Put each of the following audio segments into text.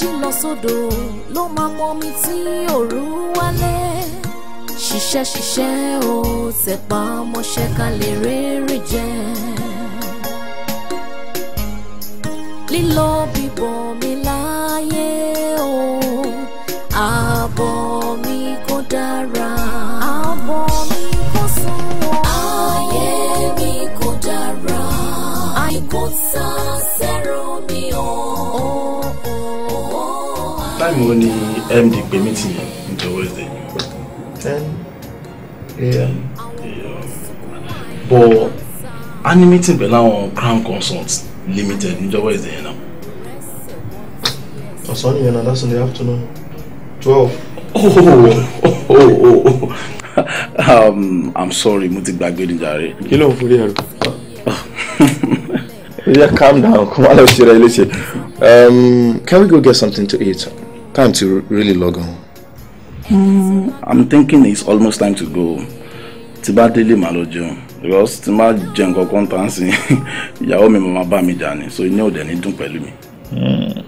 jí lọ sódò ló máa pọnmi tí òru wálé ṣiṣẹ́ ṣiṣẹ́ ó tẹpá mọ́ṣẹ́ ká lè rere jẹ. lílọ bíbọ̀ mi láyé o àbọ̀ mi kò dára àbọ̀ mi kò sunwọ̀n. ayé mi kò dára àìkú sáà. time ni md pè mí tì nítorí wednesday. ten a.m. bọ̀ a ní meeting pẹ̀lú àwọn crown consult limited níjọ́ wednesday yẹn náà. ọ̀sán nìyẹn náà that's in the afternoon twelve. oh oh oh oh um, i'm sorry mo ti gbàgbé ni jàre. kí ló ń forí ẹrù. yeah calm down Come on, let's see. Um, can we go get something to eat. Time to really log on. Mm, I'm thinking it's almost time to go. Tiba daily délé because tí má kontansi. nǹkan mi mama ba mi jà ni so inú òde ní dùn pẹ̀lú mi. Hmm,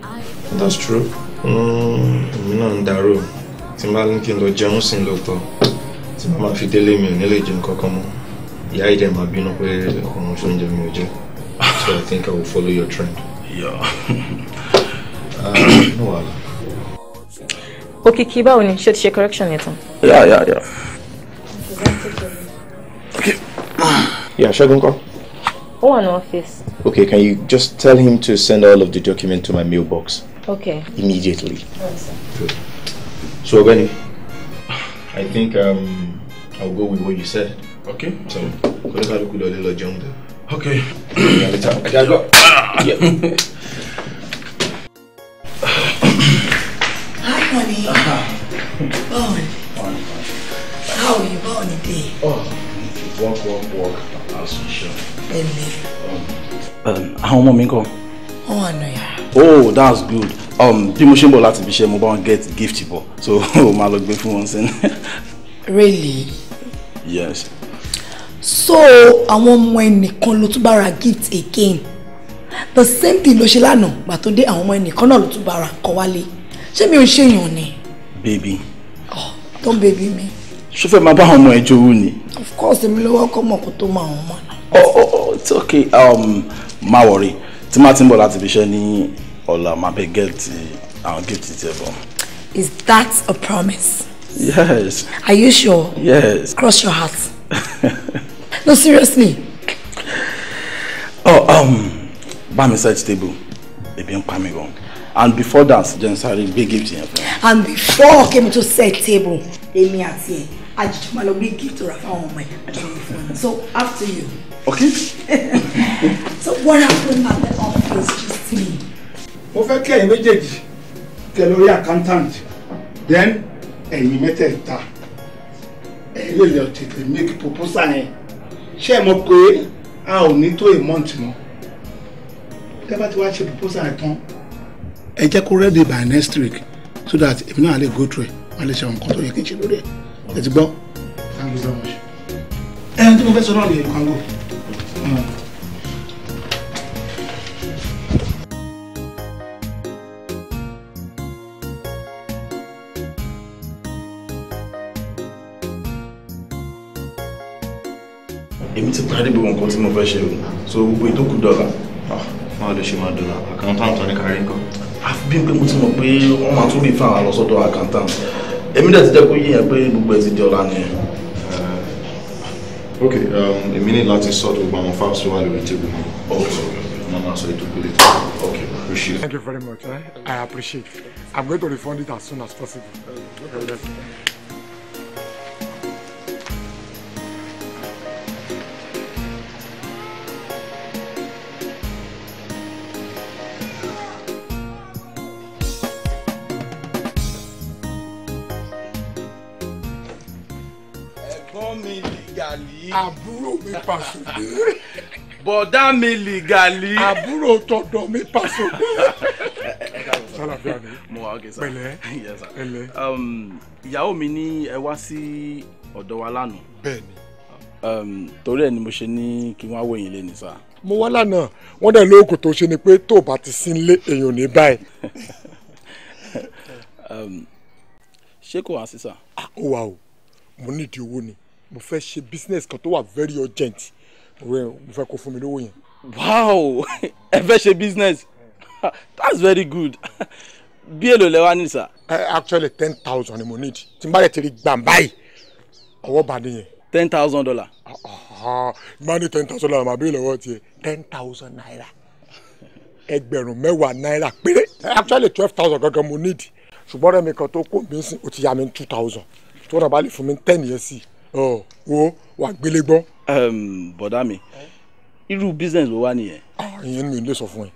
that's true. Hmm, èmi náà ń darú tí má ní kí n lọ jẹun sí lọ́tọ̀ fi délé mi ò ní kamo. jẹ nǹkan kan mọ́. Ìyá ìdẹ máa bínú pé mi ò So I think I will follow your trend. Yeah. uh, no wahala. Okay, báwo ni ṣé o ti correction yet. Yeah, yeah, yeah. okay. yeah Ṣẹ́gun kọ́. ó wà office. okay can you just tell him to send all of the document to my mailbox. okay. immediately. Yes, Good. so ọ̀gbẹ́ni I think um, I'll go with what you said. okay. so kọ́ni kálukú lọ lé lọ jẹun okay. yeah, later. I gotta go. yeah. Oh, work work work as usual. ẹnlẹ. Um, um, àwọn ọmọ mi ń kọ́. wọn wà nù oh that's good um, bí mo ṣe ń bọ̀ láti fi ṣe mo bá wọn get gift bọ̀ so máa lọ gbé fún wọn sí. really. yes. so àwọn ọmọ ẹnìkan ló tún bá ra gift again the same thing ló ṣe lánàá gbà tó dé àwọn ọmọ ẹnìkan náà ló tún bá ra kọ wálé ṣé mi ò ṣèyàn ni. baby. oh don't baby me ṣó fẹ́ bá àwọn ọmọ ẹ̀ jowú ni. of course èmi ló wọ́kọ́ mọ̀ kó tó mọ àwọn ọmọ náà. ọ ọ it's okay um, má wọrí tí má ti ń bọ̀ láti fi iṣẹ́ ní ọ̀la máa bẹ gẹ́ẹ̀tì uh, àwọn gíftì tiẹ̀ bọ̀. is that a promise. yes. are you sure. yes. cross your heart. no seriously. oh um, bá mi set table ebi ń pa mi gan and before that jẹ́ n sáré gbé gift yẹn and before kemi to set table èmi àti ẹ̀ àjùjọ máa lọ gbé gift ra fáwọn ọmọ ẹ̀ so after you. okay. so what happened at the office just me. mo fẹ́ kí ẹ̀yin méjèèjì kẹ lórí accountant then ẹ̀yin mẹ́tẹ̀ẹ̀ta ẹ̀ lè lọ tètè make proposal yẹn ṣé ẹ mọ̀ pé a ò ní tó a month mọ́ tẹ́ bá ti wá ṣe proposal yẹn tán ẹ jẹ́ kó ready by next week so that èmi náà lè go through it wà lè ṣe àwọn nǹkan tó yẹ kí n ṣe lórí ẹ̀ ẹ ti gbọ́. ẹ tí mo fẹ́ sọ náà nìyẹn kan gò. Hmm. èmi ti parí gbogbo nǹkan tí mo fẹ́ ṣe o so gbogbo ìtókù dọ́là. máa ah, lè ṣe máa dọ́là àkàntàn tó ní kárí nǹkan. àfi ah, bí pé mo ti mọ̀ pé wọ́n máa tún bí fáwọn lọ sọ́dọ̀ àkàntàn èmi dẹ̀ ti jẹ́ kó yíyan pé gbogbo ẹ̀ ti di ọ̀la nìyẹn. Uh, ok um, èmi ní láti sọ́ọ̀tù gbogbo àwọn fáwọn sọ́wọ́ lórí tèbú mi. ok mama sọ ètò ìpele tó ok appreciate thank you very much eh? i appreciate i'm going to refund it as soon as possible. Uh, okay. Okay. àbúrò mi Pasuma. bọ̀dá mi lìgàlí. àbúrò tọ̀dọ̀ mi Pasuma. sálàfíà ni pẹ̀lẹ́ pẹ̀lẹ́. Um, ìyàwó mi ní ẹ wá sí ọ̀dọ̀ wa lánàá. bẹ́ẹ̀ni. Um, torí ẹ ni mo ṣe ní kí wọ́n á wòyìn lé ní sáà mo wá lánàá wọn dẹ lóòkù tó ṣe ni pé tó o bá ti sí nílé èèyàn ní báyìí. Um, ṣé kò wá sí sà. Ah, ó wà o mo nídìí owó ni mo fẹ́ ṣe business kan tó wà very urgent mo fẹ́ kó fún mi lówó yẹn. wow ẹ fẹ́ ṣe business that's very good bí èlò lẹ wá ní sà. actually ten thousand ni mo need tí n bá lè tẹ̀lé gbàǹbá yìí ọwọ́ bá nìyẹn. ten thousand dollar. máa ní ten thousand dollar màá bí ìlọ́wọ́ tiẹ̀ ten thousand naira ẹgbẹ̀rún mẹ́wàá náírà péré actually twelve thousand gangan mo need ṣùgbọ́n rẹ̀ mi kan tó kó mi sìn ó ti yá mi two thousand tó náà bá lè fún mi ten yẹn sí i ọ wo wà gbélé gbọ́. bọ̀dá mi irú business wo wá nìyẹn. ìyẹn mi ò lè sọ fún ẹ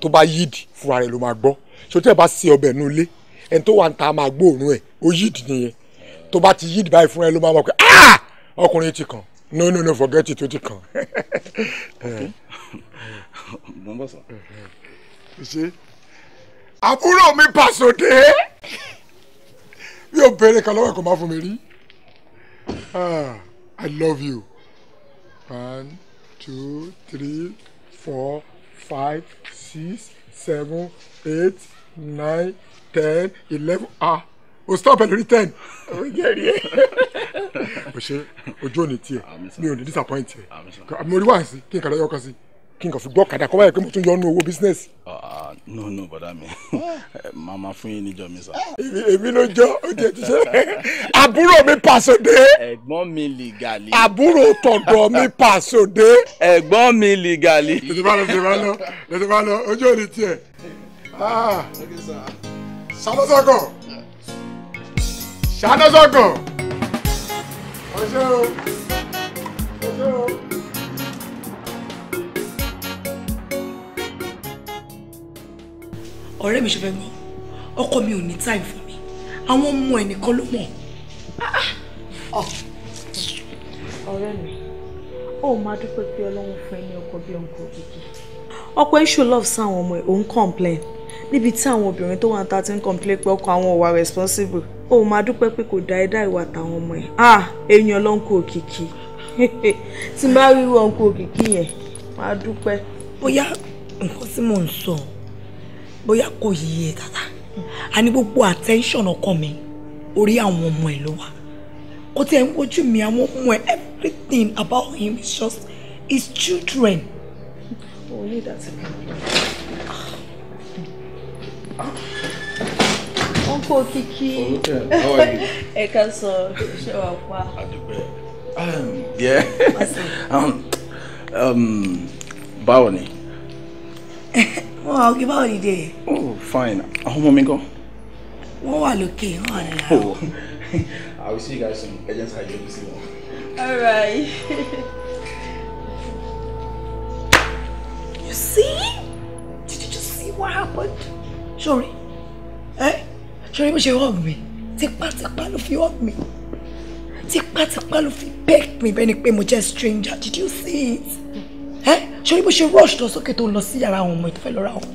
tó bá yíìdì fúnra rẹ ló máa gbọ́ sotẹ́ bá se ọbẹ̀ nù lé ẹni tó wà ń ta máa gbóòórùn ẹ̀ ó yíìdì nìyẹn tó bá ti yíìdì báyìí fúnra rẹ ló máa mọ̀ pé ọkùnrin ti kàn no no no forget it ó ti kàn. mo ń bọ̀ sọ. ṣe àbúrò mi pàṣọdé mi ò béèrè kan lọ́wọ́ ẹ̀kọ́ máa fún mi rí ah, I love you. One, two, three, four, five, six, seven, eight, nine, ten, eleven. Ah, o stop ẹ lórí ten. o jẹ rí ẹ. o ṣe ojú ò ní tiẹ̀ mi ò ní disappoint ẹ. àmì orí wá sí kí n kàdé ọkọ sí kí n kàn fi gbọ́ kàdà kọ́ báyìí pé mo tún yọ owó bísínẹ́sì. Ah, ah, no no bọ̀dá mi eh, màmá fún yín níjọ mi sá. èmi ló jọ oúnjẹ ti ṣe àbúrò mi pàṣọdé. ẹ̀gbọ́n mi lìgàlì. àbúrò tọ̀dọ̀ mi pàṣọdé. ẹ̀gbọ́n mi lìgàlì. lẹ́tọ̀ bá lọ lẹ́tọ̀ ojú ò ní tiẹ̀. Ah. ṣàlọ́sọ̀kọ̀ ṣàlọ́sọ̀kọ̀ ọ̀ṣẹ́ ọ̀rẹ́ mi ṣe fẹ́ gbọ́ ọkọ mi ò ní time fún mi àwọn ọmọ ẹ̀ nìkan ló mọ̀. Ah, ah. ọ̀rẹ́ mi ó máa dúpẹ́ pé ọlọ́run fún ẹ ní ọkọ bí ọkọ gidi. ọ̀pọ̀ ń show love sáwọn ọmọ ẹ̀ ò complain níbi tí àwọn obìnrin tó wà ń ta ti ń complain pé ọkọ àwọn ò responsible ó máa dúpẹ́ pé kò dá ẹ̀dá ìwà táwọn ọmọ ẹ̀ ah èèyàn ọlọ́nkú òkìkí tí n bá rí ọ̀nkú òkìkí yẹn máa dúpẹ́. bóyá nǹkan tí mò ń sọ ọ́ bóyá kò yí iye tata a ní gbogbo attention ọkàn mi orí àwọn ọmọ ẹ ló wà kò tí ẹ ń wojú mi àwọn ọmọ ẹ everything about him is just his children. Oh, you that's ah. Uncle Kiki. How are you? Ẹ ká sọ ṣé wàá pa. Àdúgbò um, Yeah. um, um, báwo ni? Oh, I'll give out holiday. Oh, fine. How home, go? Oh, I'll okay. Oh, I'll oh. I will see you guys soon. I just had you Alright. you see? Did you just see what happened? Sorry. Eh? Sorry, you should hug me. Take part take part of you hug me. Take part of part you back me when you came with a stranger. Did you see ẹ ṣorí bó ṣe rush lọ sókè tó lọ sí yàrá àwọn ọmọ ìtọ́fẹ́ lọ́ra ọmọ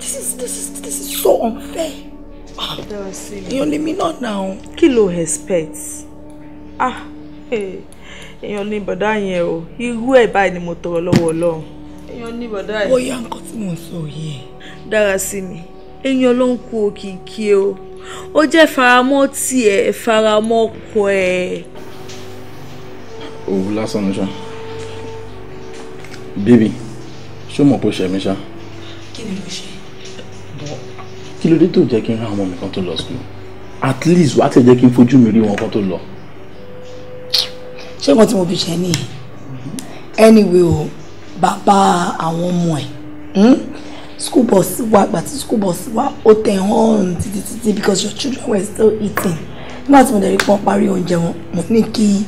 this is this is this is so unfair ah, èèyàn lèmi náà nà ó. kí ló expect ah èèyàn ní bọ̀dá yẹn o irú ẹ̀ báyìí ni mo tọrọ lọ́wọ́ ọlọ́run èèyàn ní bọ̀dá yẹn. bóyá nǹkan tí mò ń sọ yìí. dára sí mi èèyàn ló ń kú òkìkí o ó jẹ́ faramọ́ tiẹ̀ faramọ́ kọ ẹ̀. òwú lásán ni sọ bébì ṣó mọ̀ pé ó ṣe mí ṣá. kí ni mo ṣe. kí ló dé tó jẹ́ kí n rán ọmọ mi kan tó lọ sùn at least wàá tẹ̀ jẹ́ kí n fojú mi rí wọn kan tó lọ. ṣé wọn tí mo fi ṣe ni anyway o bàbá àwọn ọmọ ẹ hmm? school bus wa gba ti school bus wa ó tẹ hàn títí títí because your children were still eating nígbà tí mo dẹ̀ rí pọ́n parí oúnjẹ wọn mo ní kí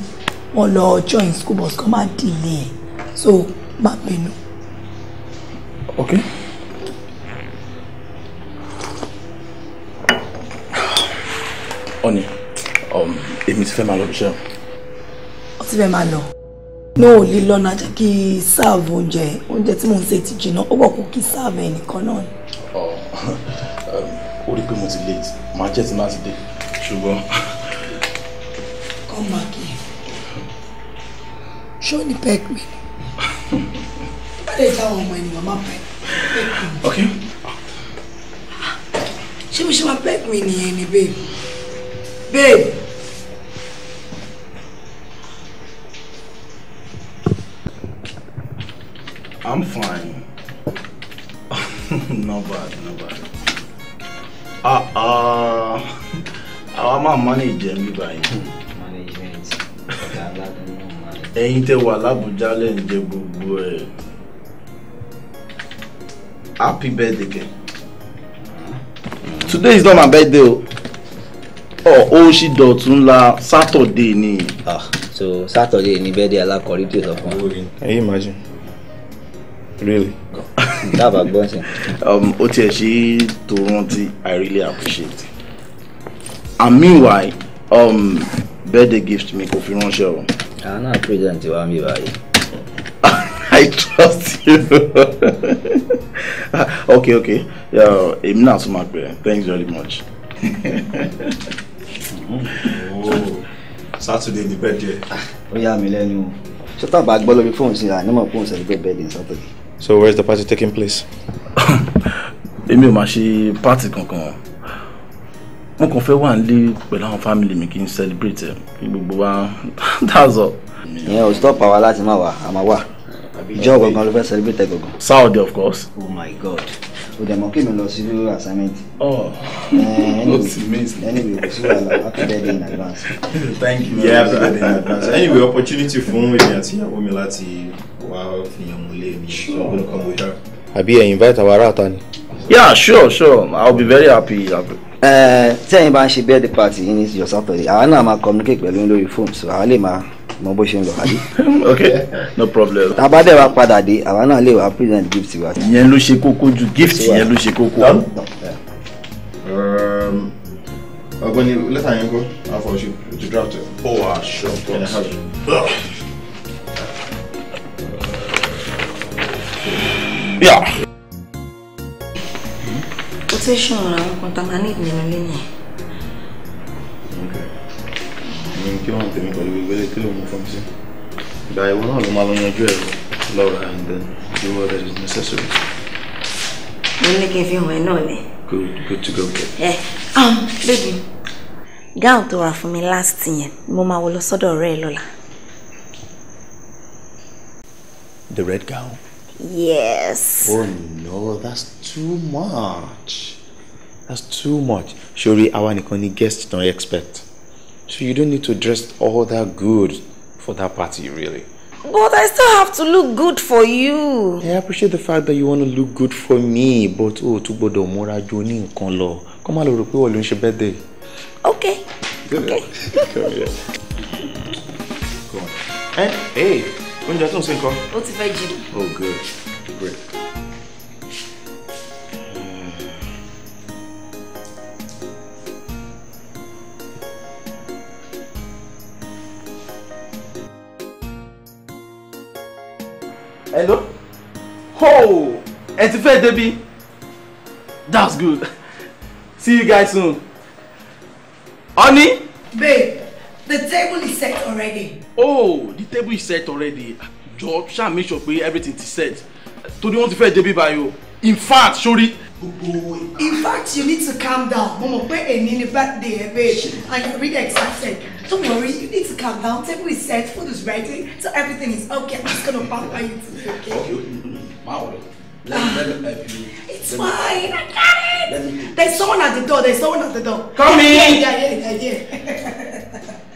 wọ́n lọ join school bus kó má dìlẹ̀ so má bínú. ok. ọ̀nì um, èmi ti fẹ́ máa lọ bí iṣẹ́. ó ti fẹ́ máa lọ. mi ò lè lọ náà jẹ́ kí sáàbù oúnjẹ oúnjẹ tí mò ń ṣe ti jìnnà ó wọ̀ kó kí sáàbù ẹnìkan náà ni. Oh, um, ó rí i pé mo ti late màá jẹ́ tí màá ti dé ṣùgbọ́n. kọ́ máa kí ṣó pẹ́ẹ́kì mi bá lè já àwọn ọmọ ènìyàn máa bẹ. ok. ṣé mo ṣe máa bẹ́ẹ̀ pin ènìyàn ni babe babe. I'm fine. not bad, not bad. Ah, uh, ah. Uh, our man manage them, you buy. Management ẹ̀yin tẹ́ wà lábújá lẹ gbogbo ẹ happy birthday kẹ. today is not my birthday o oh, ó ṣì dọ̀tún la saturday ni. ah so saturday ni birthday alákọ̀ọ́rí tí o sọ fún wa. can you imagine really. dábàá gbọ́ sí. Um, ó tiẹ̀ ṣe tó rántí i really appreciate and meanwhile um, birthday gift mi kò fi ránṣẹ́ o. I'm not president wa mi báyìí. I trust you. okay, okay. Yeah, I'm not smart, man. Thanks very much. Saturday the birthday. Oh yeah, yà mí lẹ́nu o. Ṣé tábà gbọ́ lórí fóònù sí àná mọ̀ fóònù sẹ́ni pé bẹ́ẹ̀dì Saturday. So where is the party taking place? Èmi ò máa ṣe party kankan mo kàn fẹ́ wà nílé pẹ̀lú àwọn family mi kí n celebrate ẹ̀ kí gbogbo wa that's all. ìyẹn ò stop àwa láti má wà àmà wà ìjọ gbọ̀ngàn ló fẹ́ celebrate ẹ̀ gbọ̀ngàn. Saudi of course. oh my god o dẹ̀ mọ̀ kí mi lọ sí lórí assignment. ọ oh. ọ eh, anyway opportunity fún èmi àti ìyàwó mi láti wá fìyàn múlẹ̀ mi so i'm gonna come with her. àbí ẹ̀ invite àwọn aráàta ni. yeah sure sure i'll be very happy. happy tẹ́yìn bá ń ṣe birthday party yìí ní ìjọ Saturday àwa náà máa communicate pẹ̀lú lórí phone so àwa lè máa mọ bó ṣe ń lọ àbí. ok no problem. tabadẹ wa padà dé àwa náà lè wá present gift wa. ìyẹn ló ṣe kókó ju gift yẹn ló ṣe kókó. Um, ọ̀gbẹ́ni lẹ́tà yẹn kọ́ àfọ̀ṣù to draft it. wà aṣọ tó quotation àwọn kan tá a máa ní ìdíyẹn lẹ́yìn. mi kí wọn tèmi pẹ̀lú gbogbo ilé kí ló mú fún mi sí. ìgbà ìwọ náà ló máa lọ yanjú ẹ lọ́ra and then do what is necessary. mo ní kí n fi hàn ẹ náà lẹ. good good to go. ẹ eh, um, baby gown tó rà fún mi last yẹn mo máa wọ lọ sọ́dọ̀ ọ̀rẹ́ ẹ lọ́la. the red gown. Yes. Oh no, that's too much. That's too much. Shori, àwa nìkan ni guest don expect. So you don't need to dress all that good for that party, really. But I still have to look good for you. I appreciate the fact that you want to look good for me, but oh, to gbọ́dọ̀ múra jù ní nǹkan lọ. Kó má lọ rò pé Okay. Okay. Come here. Come on. Eh, hey, hey oúnjẹ tó ń ṣe nǹkan. ó ti fẹ́ jí. oh good great. Eh. hello oh ẹ ti fẹ́ débi that's good see you guys soon honey. babe. The table is set already. Oh, the table is set already. Jọ ṣá make sure pé everything is set. Torí wọ́n ti fẹ́ débi báyìí o. In fact, sorry. In fact, you need to calm down. Mo mọ̀ pé èmi ni birthday ẹ bẹ́ẹ̀ and you really excited. Don't worry, you need to calm down. Table is set, food is ready, so everything is okay. I'm just gonna pamper you today, okay? Okay, ma let me, let me help you. It's let fine, I got it! There's someone at the door, there's someone at the door. Come in! Yeah, yeah, yeah, yeah. yeah.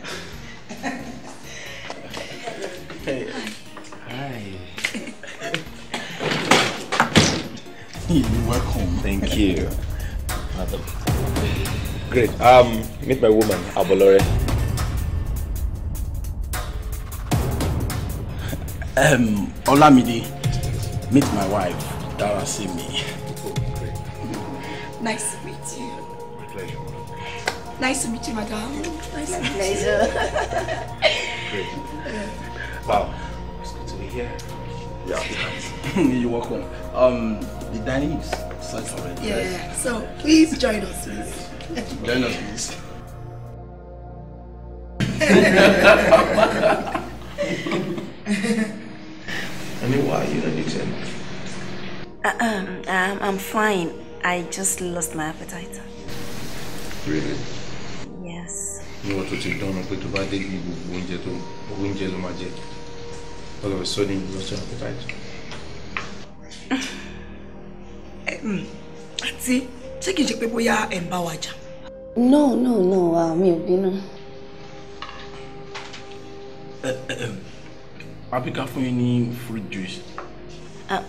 You're welcome. Thank you. Great. Um, meet my woman, Abolore. Um, Olamide, meet my wife, Dara Simi. Nice to meet you. My pleasure. Nice to meet you, madam. Nice to meet you. pleasure. Great. Wow, it's good to be here. Yeah. You're welcome. Um, the dining is set already. Yeah, So please join us, please. join us, please. I mean, why you don't eating? so much? Uh, um, um, I'm fine. I just lost my appetite. Really? Yes. You know what you've done? put to buy the oúnjẹ tó oúnjẹ to máa jẹ. All of a sudden, you lost your appetite. Eh, mm, àǹtí take kìí ṣe people bóyá and ń bá wa jà. no no no uh, mi ò bínú. Eh, eh, àbíká fún yín ní fruit juice. Uh,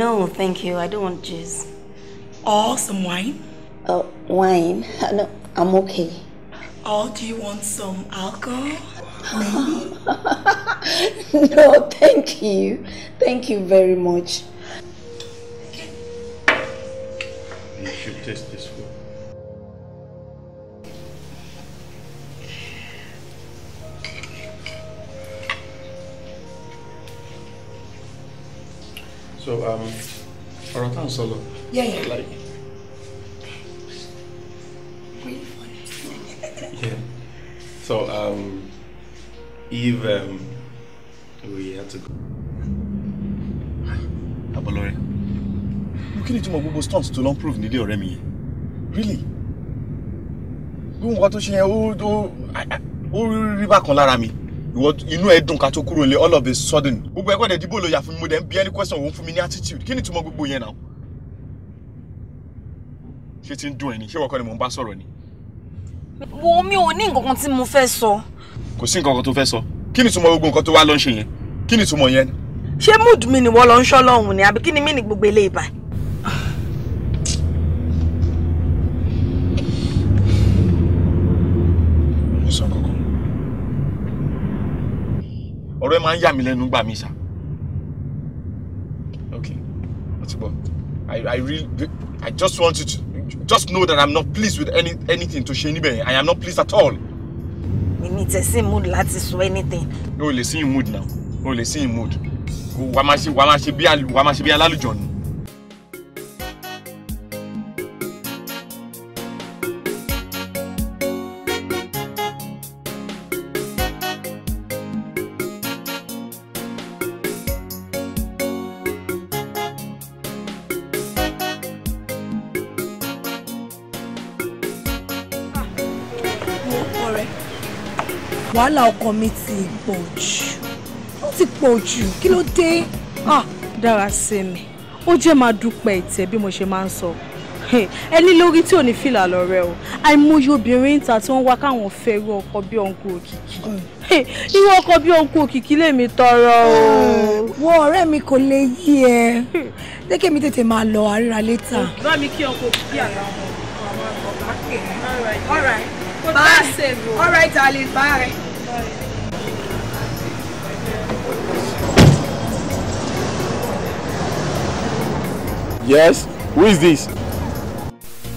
no, thank you. I don't want juice. Or some wine? Uh, wine? Uh, no, I'm okay. Or do you want some alcohol? no, thank you. Thank you very much. you should test this one. So, um, Aratan Solo. Yeah, yeah. Like, yeah. So, um, if um, we had to go. Abalone. kí ni gbogbo stunts tó lọ prove nílé ọ̀rẹ́ mi really bí nǹkan tó ṣe yẹn ó rí bákan lára mi ìwọ inú ẹ dùn ká tó kúrò nílé all of a sudden gbogbo ẹ̀kọ́ dẹ̀ dìbò lóya fún mi mo dẹ̀ ń bí ẹni question òun fún mi ní attitude kí ni túmọ̀ gbogbo yẹn náà ṣé ti ń dùn ẹ ni ṣé wọ́n kọ́ ni mò ń bá sọ̀rọ̀ ni. wo mi ò ní nǹkan tí mo fẹ́ sọ. kò sí nǹkan tó fẹ́ sọ kí ni gbogbo nǹkan tó wá lọ ń ṣe yẹn kí ni yẹn. ṣé mood mi ni wọ́n lọ ń ṣọ́ lọ́hùn ni àbí kí ni mí ni gbogbo eléyìí báyìí ọ̀rọ̀ máa ń yà mí lẹ́nu gbà mí sà okay what's it about i i really i just want you to just know that i'm not pleased with any anything to ṣe níbẹ̀ yẹn i am not pleased at all. èmi tẹ̀ sí mood láti sọ anything. o lè sí in mood now o lè sí in mood wàá máa ṣe wàá máa ṣe bí alálùjọ ni. wàhálà ọkọ mi ti pọ̀ jù ó ti pọ̀ jù kí ló dé ah, dára sí mi ó jẹ́ máa dúpẹ́ ìtẹ́ bí mo ṣe máa ń sọ ẹni lórí tí ò ní fìlà lọ́rẹ́ o àìmọye obìnrin ń ta tí wọ́n wá káwọn fẹ́ irú ọkọ bí ọ̀nkú òkìkí mm. irú ọkọ bí ọ̀nkú òkìkí lèmi tọrọ o. Mm. wo ọ̀rẹ́ mi kò lè yí ẹ dékè mi tètè máa lọ àríra létà. Mm. bá mi kí ọkọ òkìkí àná ọmọ ọmọ ọkọ máa pè é. all right all right kó tá a ṣe é lò. all right darling bye. Yes, who is this?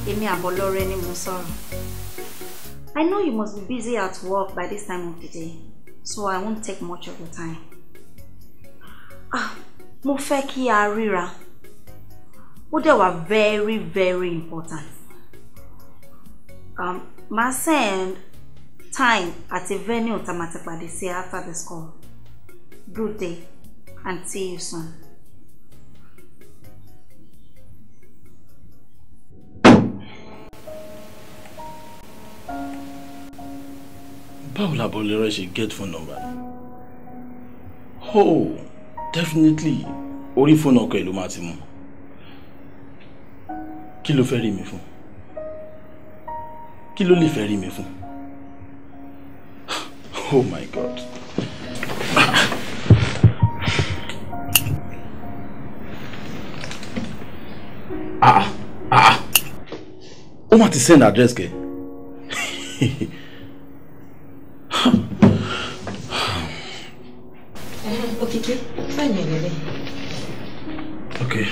Èmi Àbọ̀lọ́rẹ́ ni mo I know you must be busy at work by this time of the day, so I won't take much of your time. Ah, mo fẹ́ kí a ríra. Ó very very important. Um, màá send time àti venue tá a máa ti pàdé sí after this call. Good day and see you soon. báwo làbọ̀ lè rẹ́ ṣe get phone number oh definitely orí fóònù ọkọ ẹ̀ ló máa ti mú kí ló fẹ́ ferry me phone? kí ló lè fẹ́ rí oh my god. ah ah, ah. ó mà ti send address kẹ. Okike, fáìlì ẹ̀rẹ̀ Okay.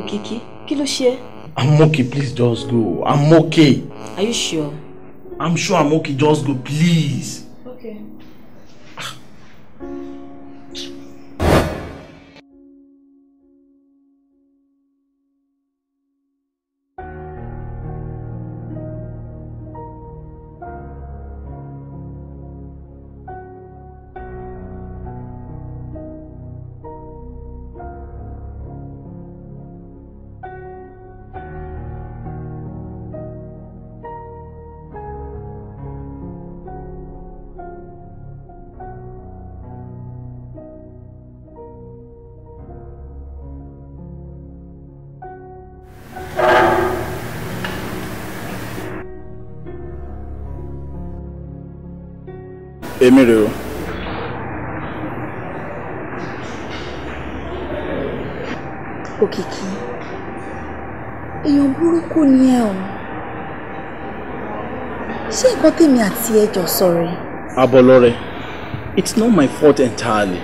Okike, kí ló ṣe é? I'm okay, please just go. I'm okay. Are you sure? I'm sure I'm okay, just go, please. Okay. èmi rè o. òkìkí èèyàn burúkú ni ẹ o ṣé nǹkan tèmi àti ẹ jọ sọ rẹ. it's not my fault entirely.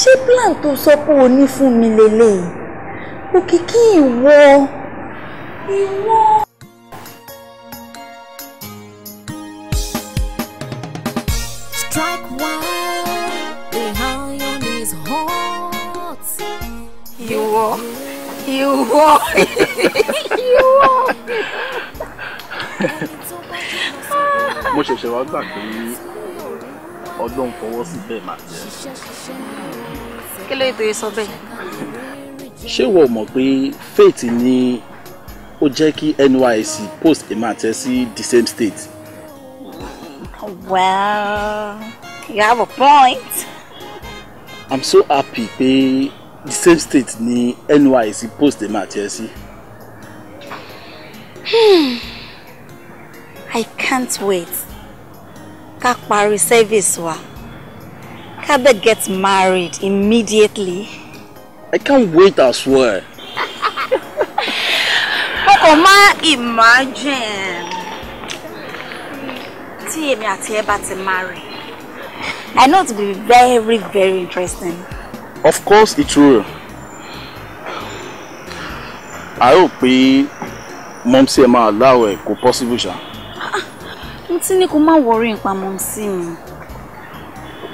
ṣé plan tó sọ pé o ní fún mi lélẹ́yìí òkìkí ìwọ ìwọ. ìwọ ìwọ ìwọ. mo ṣẹ̀ṣẹ̀ wá gbà pé ọdún fọwọ́ sí bẹ́ẹ̀ máa jẹ́. kí ló ètò yìí sọ bẹ́ẹ̀. ṣé ìwọ mọ̀ pé faith ni ó jẹ́ kí NYSC post emma tẹ́ sí the same state. well you have a point. I'm so happy pé the same state ni N.Y.C. post èmi àti ẹ I can't wait ká parí service wa ká bẹ́ẹ̀ get married immediately. I can't wait as well. ọkọ̀ máa imagine tí èmi àti ẹ bá ti marry I know it will be very very interesting of course it will i hope pé mọ́mísí ẹ máa láwọ̀ ẹ̀ kó possible ṣá. mo ti ní kó má wọrí nípa mọ́mísí mi.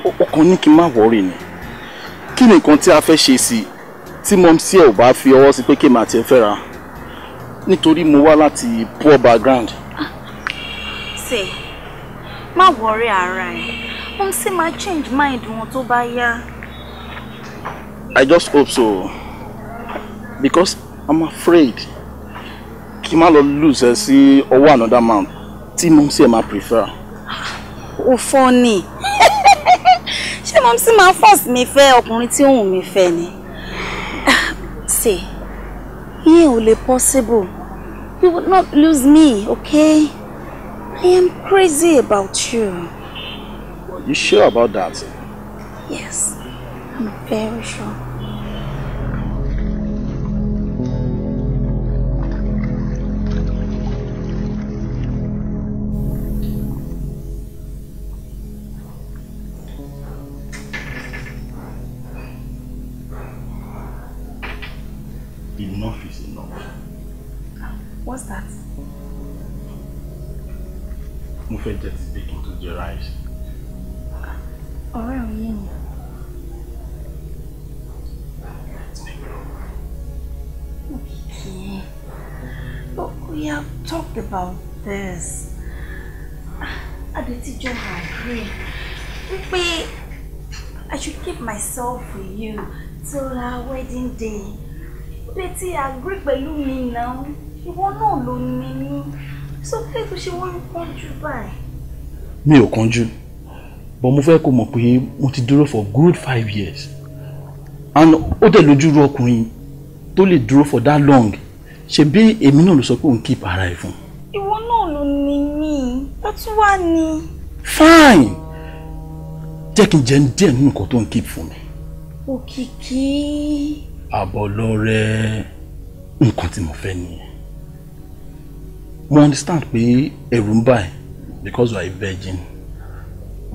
ọkàn ní kí n má wọrí ni kí ni nǹkan tí a fẹ́ ṣe sí i tí mọ́mísí ẹ ò bá fi ọwọ́ sí pé kí n máa tiẹ̀ fẹ́ra nítorí mo wá láti poor background. Ah, ṣe má wọrí ara ẹ mọ́mísí máa change mind wọn tó bá yá. I just hope so because I'm afraid Kimalo n má lọ lose ẹ sí man tí mo sì máa prefer. Oh funny! ni ṣé mo my first force mi fẹ́ ọkùnrin tí òun mi fẹ́ ni possible you would not lose me okay I am crazy about you. Are you sure about that? Yes. I'm very sure. about this. Adetijọ́ agree wípé I should keep myself for you till our wedding day. Ibi tí agree pẹ̀lú mi náà, ìwọ náà ló ní mí. So please, ló ṣe wọ́n kánjú báyìí? Mi O kánjú, but mo fẹ́ kó mọ̀ pé mo ti dúró for good five years and ó dẹ̀ lójú ru ọkùnrin tó lè dúró for that long ṣe bí èmi náà ló sọ pé òun keep ara ẹ̀ ó tún wá ní. fine jẹ́ kí n jẹun díẹ̀ nínú nǹkan tó ń keep fún mi. òkìkí. àbọ̀ lọ rẹ nǹkan tí mo fẹ́ nìyẹn mo understand pé ẹ̀rù ń bà ẹ́ because you are a virgin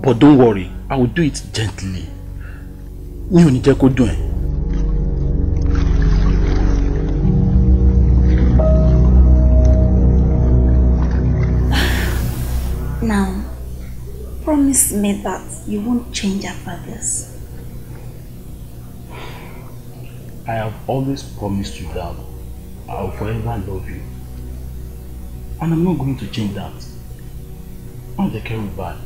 but don't worry i will do it gently mi ò ní jẹ́ kó dùn ẹ́. promise me that you won't change after this. I have always promised you that I will forever love you. And I'm not going to change that. I'm the carry back.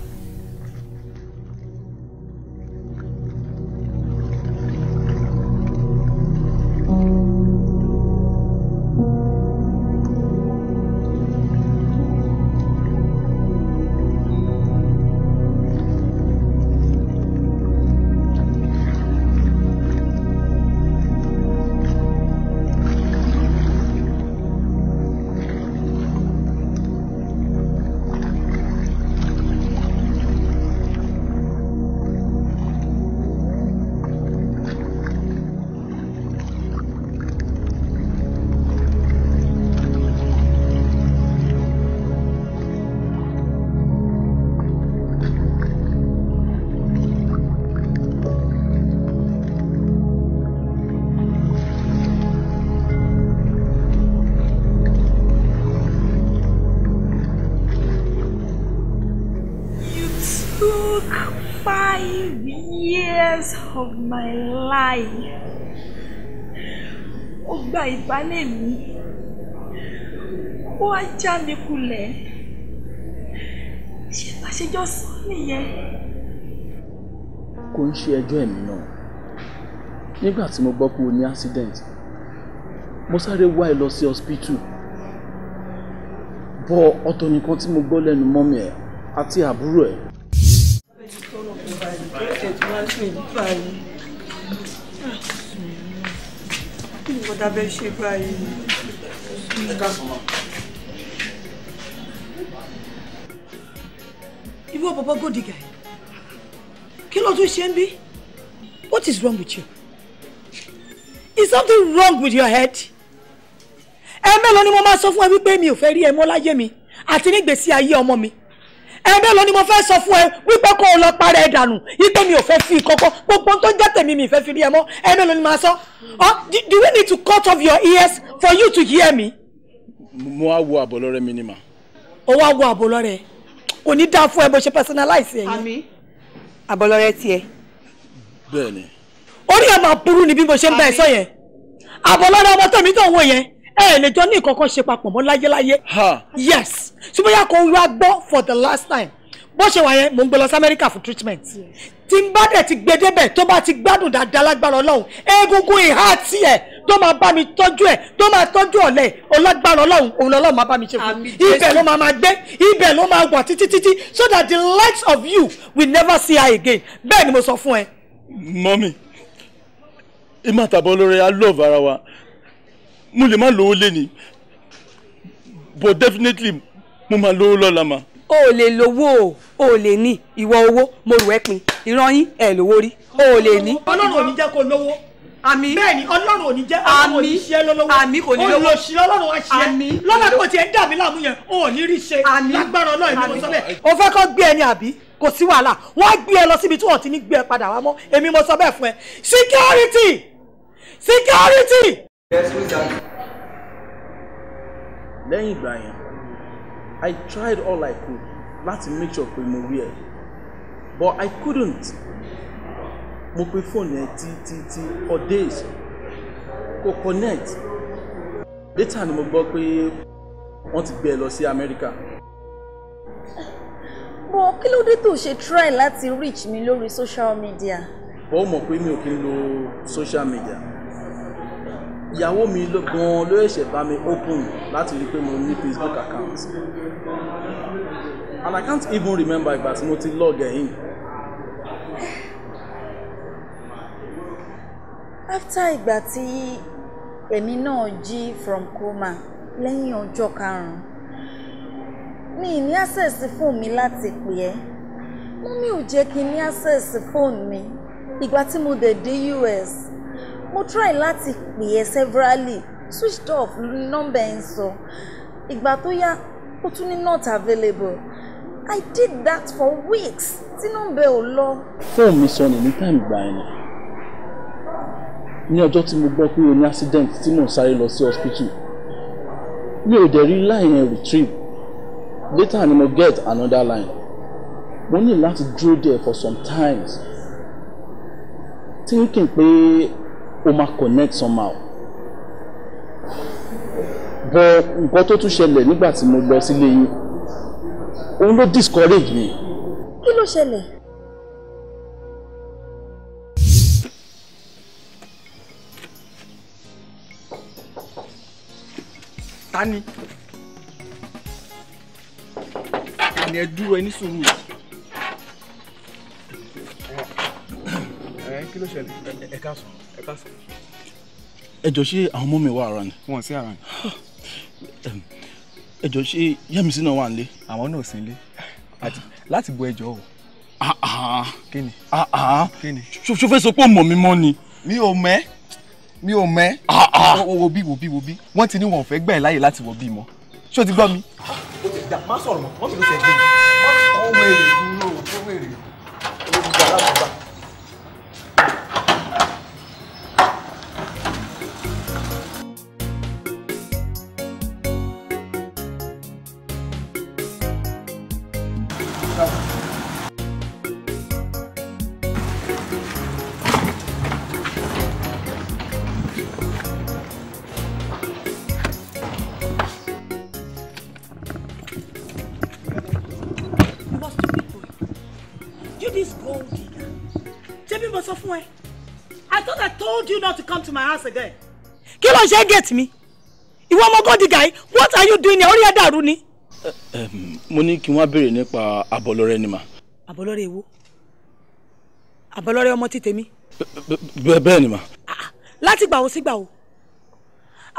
of my life ó gba ìbálẹ̀ mi ó wá já mi kulẹ̀ ṣé àṣejọ sọ nìyẹn. kò ń ṣe ẹjọ́ ẹ̀mí náà nígbà tí mo gbọ́ pé o ní accident mo sáré wá ẹ lọ sí hospital bọ́ ọ̀tọ̀ nìkan tí mo gbọ́ lẹ́nu mọ́mí ẹ̀ àti àbúrò ẹ̀ ṣètò wá sí báyìí kí ni mo dábẹ́ ṣe báyìí. ìwọ bàbá gòdìgà kí ló tún ṣe ń bí what is wrong with you is something wrong with your head ẹ mélòó ni mo máa sọ fún ẹ wípé mi ò fẹ́ rí ẹ mọ́ láyé mi àti nígbèésí ayé ọmọ mi ẹ̀ẹ́dẹ́ lọ ni mo fẹ́ sọ fún ẹ wípé kó o lọ para ẹ dànù yípe mi ò fẹ́ fi kankan gbogbo tó jẹ́ tèmi mi ìfẹ́ fi rí ẹ mọ́ ẹ̀ẹ́dẹ́ lọ ni màá sọ ọ do we need to cut off your ears for you to hear me. mo wá wo àbọ̀ lọ́rẹ́ mi ni mà. o wá wo àbọ̀ lọ́rẹ́ kò ní dáa fún ẹ bó ṣe personalize ẹ yẹn. àbọ̀ lọ́rẹ́ tiẹ̀. bẹ́ẹ̀ ni. orí ẹ máa burú ni bí mo ṣe ń bá ẹ sọ yẹn àbọ̀ lọ́rẹ́ ọmọ tèmi tó ń wò yẹn ẹ ní ìkọ̀kọ̀ ṣe papọ̀ mọ́ láyéláyé yes tí bóyá kò wá gbọ́ for the last time bó ṣe wà yẹn mò ń gbé lọ sí Amẹ́ríkà for treatment tí n bá dẹ̀ ti gbé débẹ̀ tó bá ti gbádùn dáadáa lágbára Ọlọ́run egungun ìhà tiẹ̀ tó máa bá mi tọ́jú ẹ̀ tó máa tọ́jú ọ̀lẹ́ ọlágbára Ọlọ́run òun lọ́lọ́run máa bá mi ṣe fún ibẹ̀ ló máa máa gbé ibẹ̀ ló máa wà títí títí so that the likes of you will never see her again bẹ́ẹ̀ ni mo sọ fún ẹ. mọ́mí ìmọ̀ àtàbọ̀ olóore á lọ́ọ̀bù ara wa mo lè má lówó lẹ́ni but definitely mo máa lówó lọ́la mà. o ò lè lówó o ò lè ní ìwọ owó mo rò ẹ́ pin ìran yín ẹ̀ lówó rí o ò lè ní. ọlọ́run ò ní jẹ́ kó lówó àmì bẹ́ẹ̀ni ọlọ́run ò ní jẹ́ ọlọ́run ò ní ṣe lọ́lọ́wọ́ àmì kò ní lọ́wọ́ olùsí ọlọ́run wa ṣe àmì lọ́nà tó tiẹ̀ dàbí láàmú yẹn ò ní rí ṣe lágbára ọlọ́run ni mo sọ bẹ́ẹ̀. o fẹ́ kọ́ gbé ẹni àbí kò sí wàhálà wọ́n á gbé ẹ lọ síbi tí wọ́n ti ní gbé ẹ padà wá mọ́ èmi mo sọ bẹ́ẹ̀ fún ẹ security security lẹ́yìn ìgbà yẹn I tried all I could láti make sure pé mo rí ẹ but I couldn't mo pe fóònù ẹ tí tí tí for days kò connect later ni mo gbọ́ pé wọ́n ti gbé ẹ lọ sí America. bọ̀ kí ló dé tó ṣe try láti reach mi lórí social media. bọ́ mọ̀ pé mi ò kí ń lo social media ìyàwó mi gan-an ló ṣẹ̀ṣẹ̀ bá mi open láti rí i pé mo ní Facebook account and I can't even remember ìgbà tí mo ti log in. after ìgbà tí èmi náà jí from coma lẹ́yìn ọjọ́ karùn-ún mi ní access fóònù mi láti pè ẹ́ mú mi ò jẹ́ kí n ní access fóònù mi ìgbà tí mo dẹ̀ dé US mo try láti pè ẹ́ severally switched off number ẹ̀ ń sọ ìgbà tó yá ó tún ní not available i did that for weeks tí number ò lọ. fóònù mi sọnù ní táìmù gbà yẹn ní ọjọ́ tí mo gbọ́ pé o ní accident tí mò ń sáré lọ sí hospital mi ò dẹ̀ rí line yẹn retrieve later ni mo get another line mo ní láti dúró there for some times thinking pé ó máa connect somehow bọ nǹkan tó tún ṣẹlẹ̀ nígbà tí mo lọ sílé yín òun ló discourage mi. kí ló ṣẹlẹ̀. ta ni ta ni ẹ dúró ẹ ní sùúrù kí ló ṣẹlẹ̀ ẹ ká sùn ẹ ká sùn. ẹ jọ ṣé àwọn ọmọ mi wà ara ni. wọn sí ara ni. ẹ jọ ṣé yẹmísí náà wà nílé. àwọn náà sì ń lé láti bo ẹjọ o. kí ni. kí ni. ṣo sọ pé mọ̀ mi mọ́ ni. mi ò mẹ́ mi ò mẹ́. wo bí wo bí wo bí wọ́n ti ní wọn ò fẹ́ gbẹ̀ láyè láti wọ bí mọ́ ṣé o ti gbọ́ mi. Ah, o ti dà má sọ̀rọ̀ mọ́ wọ́n ti lọ sẹ́gbẹ́ mi. ọmọ èrè dúró owó èrè olùdarí àgbà. house again. kí ló ń ṣe gate mi ìwọ ọmọ gold guy what are you doing here orí ẹ dàrú ni. mo ní kí wọ́n béèrè nípa àbọ̀lọ́rẹ́ ni mà. àbọ̀lọ́rẹ́ èwo àbọ̀lọ́rẹ́ ọmọ ti tèmi. bẹ́ẹ̀ ni mà. Ah, ah, láti gbà wo sí gbà wo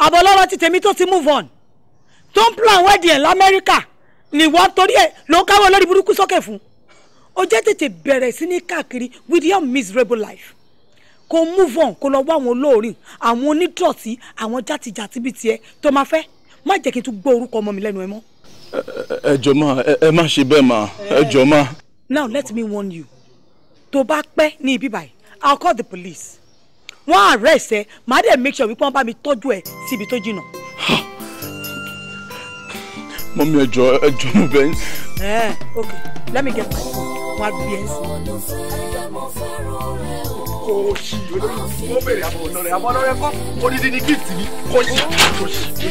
àbọ̀lọ́rẹ́ ti tèmi tó ti move on tó ń plan wedding lamẹ́ríkà ni wọ́n torí ẹ̀ ló ń káwọ́ lórí burúkú sókè fún ó jẹ́ tètè bẹ̀rẹ̀ sí ní káàkiri with your miserable life kó move on kó lọ wá àwọn olóòórìn àwọn onídọ̀tí àwọn játijàti bíi tiẹ̀ tó máa fẹ́ má jẹ́ kí n tún gbọ́ orúkọ ọmọ mi lẹ́nu ẹ mọ́. ẹ jọ máa ẹ má ṣe bẹ́ẹ̀ máa ẹ jọ máa. now let me warn you tó bá pẹ́ ní ibi báyìí i'll call the police wọ́n arrest ẹ màá dẹ̀ make sure wípé wọ́n bá mi tọ́jú ẹ síbi tó jìnnà. mọ́mí ẹ jọ ẹ jọ mo bẹ̀ yín. Eh, ok let me get my wọn á gbé ẹ sí. mo fẹ́ràn rẹ o òṣì olórí ó bèrè àbọ̀ ọ̀nà rẹ̀ àbọ̀ ọ̀nà rẹ̀ kọ́ odidi ni gíìtì ni kò sí òṣì sí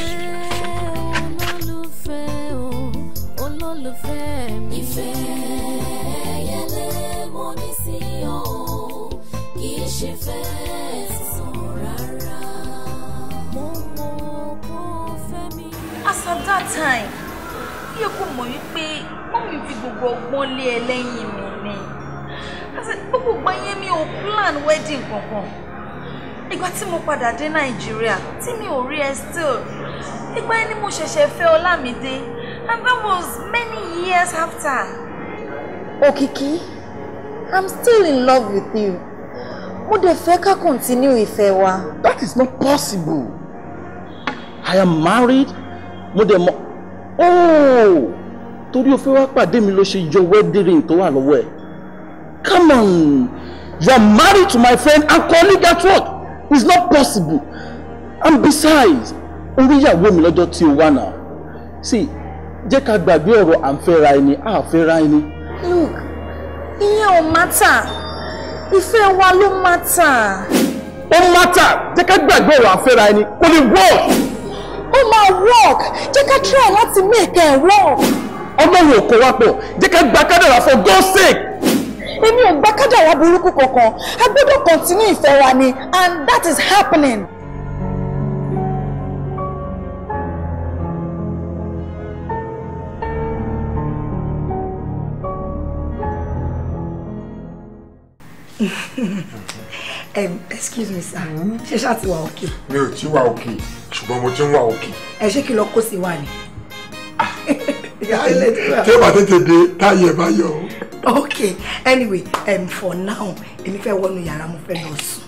as of that time yẹ kó mọ̀ wípé mọ́mí fi gbogbo ọgbọ́n lé ẹ mi ni gbogbo gbáyé mi ò plan wedding kankan ìgbà tí mo padà dé nàìjíríà tí mi ò rí ẹ still ìgbà yẹn mo ṣẹ̀ṣẹ̀ fẹ́ ọlámídé and that was many years after. òkìkí i'm still in love with you mo dẹ̀ fẹ́ ká continue ìfẹ́ wa. that is not possible i am married mo dẹ̀ mọ̀ oh torí o fẹ́ wá pàdé mi ló ṣe yọ wedding ring tó wà lọ́wọ́ ẹ̀. Come on. You are married to my friend and calling that what? It's not possible. And besides, oríyàwó mi lọ́jọ́ tí you wà See, jẹ́ ká gbàgbé ọ̀rọ̀ à and fẹ́ra ẹni, à ń fẹ́ra ẹni. Look, ìyẹn ò mátà. Ìfẹ́ wa ló mátà. Ó mátà, jẹ́ ká gbàgbé ọ̀rọ̀ à ń fẹ́ra ẹni. Kò lè work. Oh my work. Jẹ́ ká try to make it work. Ọlọ́run ò kó wa pọ̀, jẹ́ ká gba kádàrà for God's sake èmi ò gbà kádàrá burúkú kankan a gbọ́dọ̀ continue ìfẹ́ wa ni and that is happening. um, excuse me sir ṣé ṣáà ti wà òkè. mi ò tí wà òkè ṣùgbọ́n mo ti ń wà òkè. ẹ ṣé kí lọ kó sí wa ni tí o bá tètè dé táyé ẹ bá yọ o. okay anyway um, for now èmi fẹ́ wọnú yàrá mo fẹ́ lọ sùn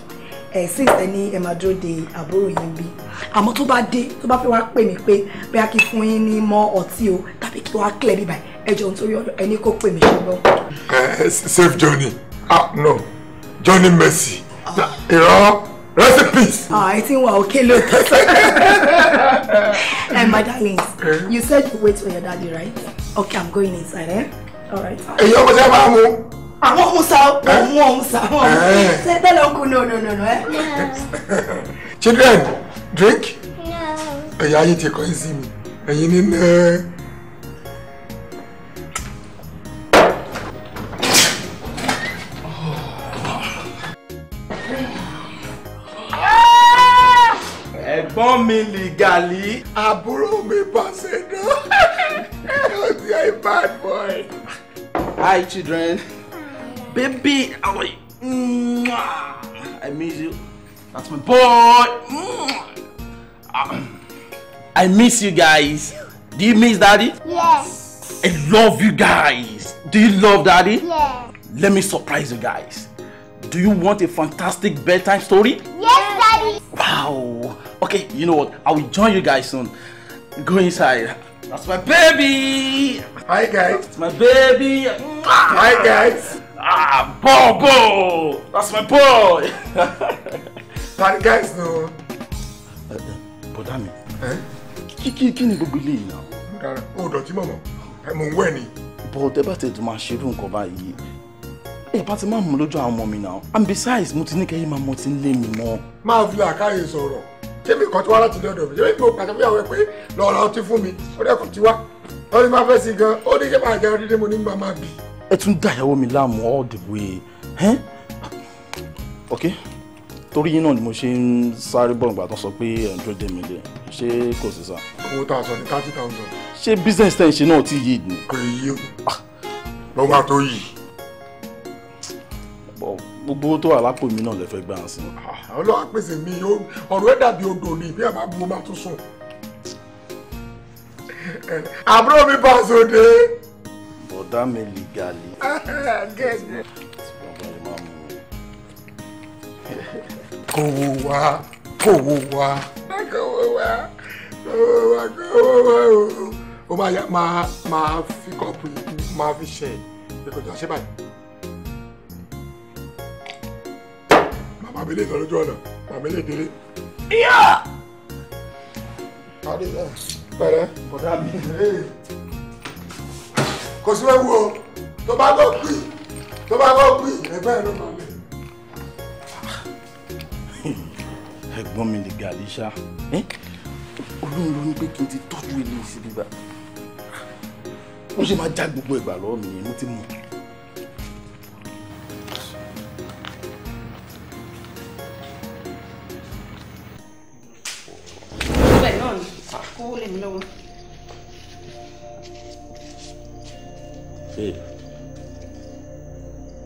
ẹ sì ṣe ní ẹ máa dúró de àbúrò yín bí àmọ́ tó bá dé tó bá fẹ́ wá pè mí pé bóyá kí fún yín ní mọ́ ọtí o tàbí kí wàá kílẹ̀ bíbá ẹ jọ ohun tó yọ ẹni kó pè mí ṣùgbọ́n. Eh, safe journey ah no journey mercy ah. irọ́. Uh rest in peace. ah i think we're okay look. and eh, my darlings okay. you said you wait for your daddy right okay i'm going inside eh all right. èyí ọmọ sẹ́yìn máa mú. àwọn ọmọ sá ọmọ eh? eh. no no no no eh. children drink. ẹ̀yà ayé ti kọ́ ẹ́ sí mi ẹ̀yin ní náà. legally, I lìgàlì. me mi Bàṣẹ̀dá you are a bad boy. hi children baby i miss you that's my boy ah. i miss you guys do you miss daddy. yes. i love you guys do you love daddy. yes. let me surprise you guys do you want a fantastic bedtime story. yes. Wow. Okay, you know what? I will join you guys soon. Go inside. That's my baby. Hi guys. That's my baby. Hi guys. Ah, Bobo. That's my boy. Hi guys, no. Uh, Eh? Kí kí ni gbogbo eléyìí náà? Ó dọ̀tí mọ̀mọ́. Ẹ mọ̀ ń wẹ̀ ni. Bọ̀dẹ̀ bá tẹ̀ tó máa ṣerú nǹkan báyìí ìbá ti máa mú lójú àwọn ọmọ mi náà and besides mo ti ní kẹ́yìn máa mọ ti ń lé mi mọ́. máa fi àkàyè sọ̀rọ̀ tèmi kan tí wọ́n láti lọ́dọ̀ mi lórí ìbò pàtàkì àwọn ẹ̀pẹ́ lọ́ọ̀rọ̀ ọtí fún mi ó dẹ́kun tiwa ó ní máa fẹ́ sí gan ó ní ṣé máa jẹun dídé mo ní máa máa bì. ẹ tún dá ìyàwó mi láàmú all the way ẹ ok torí yín náà ni mo ṣe ń sáré bọ̀ nígbà tó sọ pé ẹ̀ ń dúró ṣé kò sí sá. owó tá a sọ ní thirty thousand. ṣé business ten ṣe náà ti yí ni. kò yí o lọ́wọ́ àtọ́ yìí gbogbo tó wà lápò mi náà lè fẹ́ gbà sí. Ah, ọlọ́wà pèsè mi ọ̀rọ̀ ẹ̀ dàbí odò ni bí àbá gbogbo máa tún sùn. àbúrò mi bá aṣọ dé. bọ̀dá mi lè gàlí. kò wò wá kò wò wá kò wò wá kò wò wá kò wò wá o. ó máa fi kọ́ọ̀pù máa fi ṣe ìkọjá ṣe báyìí. màmí lè lọ lójú ọ̀nà màmí lè délé. àdìsá pẹ̀rẹ́ bọ̀dá mi kò sí ewu o tó bá lọ gbìn tó bá lọ gbìn ẹgbẹ́ ẹ̀ ló màmí. ẹ̀gbọ́n mi lè gàlí ṣá olóhùn ló ní pé kí n ti tọ́jú ilé ìsibí bá ó sì máa já gbogbo ìgbà lọ́wọ́ mi yẹn mo ti mọ̀. lọ́wọ́. Babe,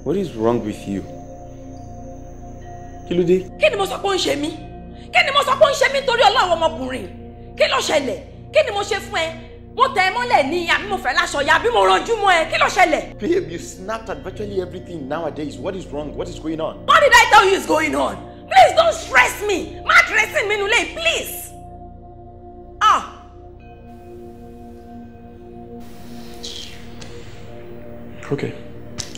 what is wrong with you? Kilo ló dé? mo sọ pé ó ń ṣe mo sọ pé ó ń ṣe mí torí ọlọ́run ọmọkùnrin? Kí ló mo ṣe fún ẹ? Mo tẹ ẹ mọ́lẹ̀ ní àbí mo fẹ́ láṣọ ya àbí mo ranjú mo e. Kí ló ṣẹlẹ̀? Babe, you snapped at virtually everything nowadays. What is wrong? What is going on? What did I tell you is going on? Please don't stress me. Má dressing mi nulẹ̀, please. Okay.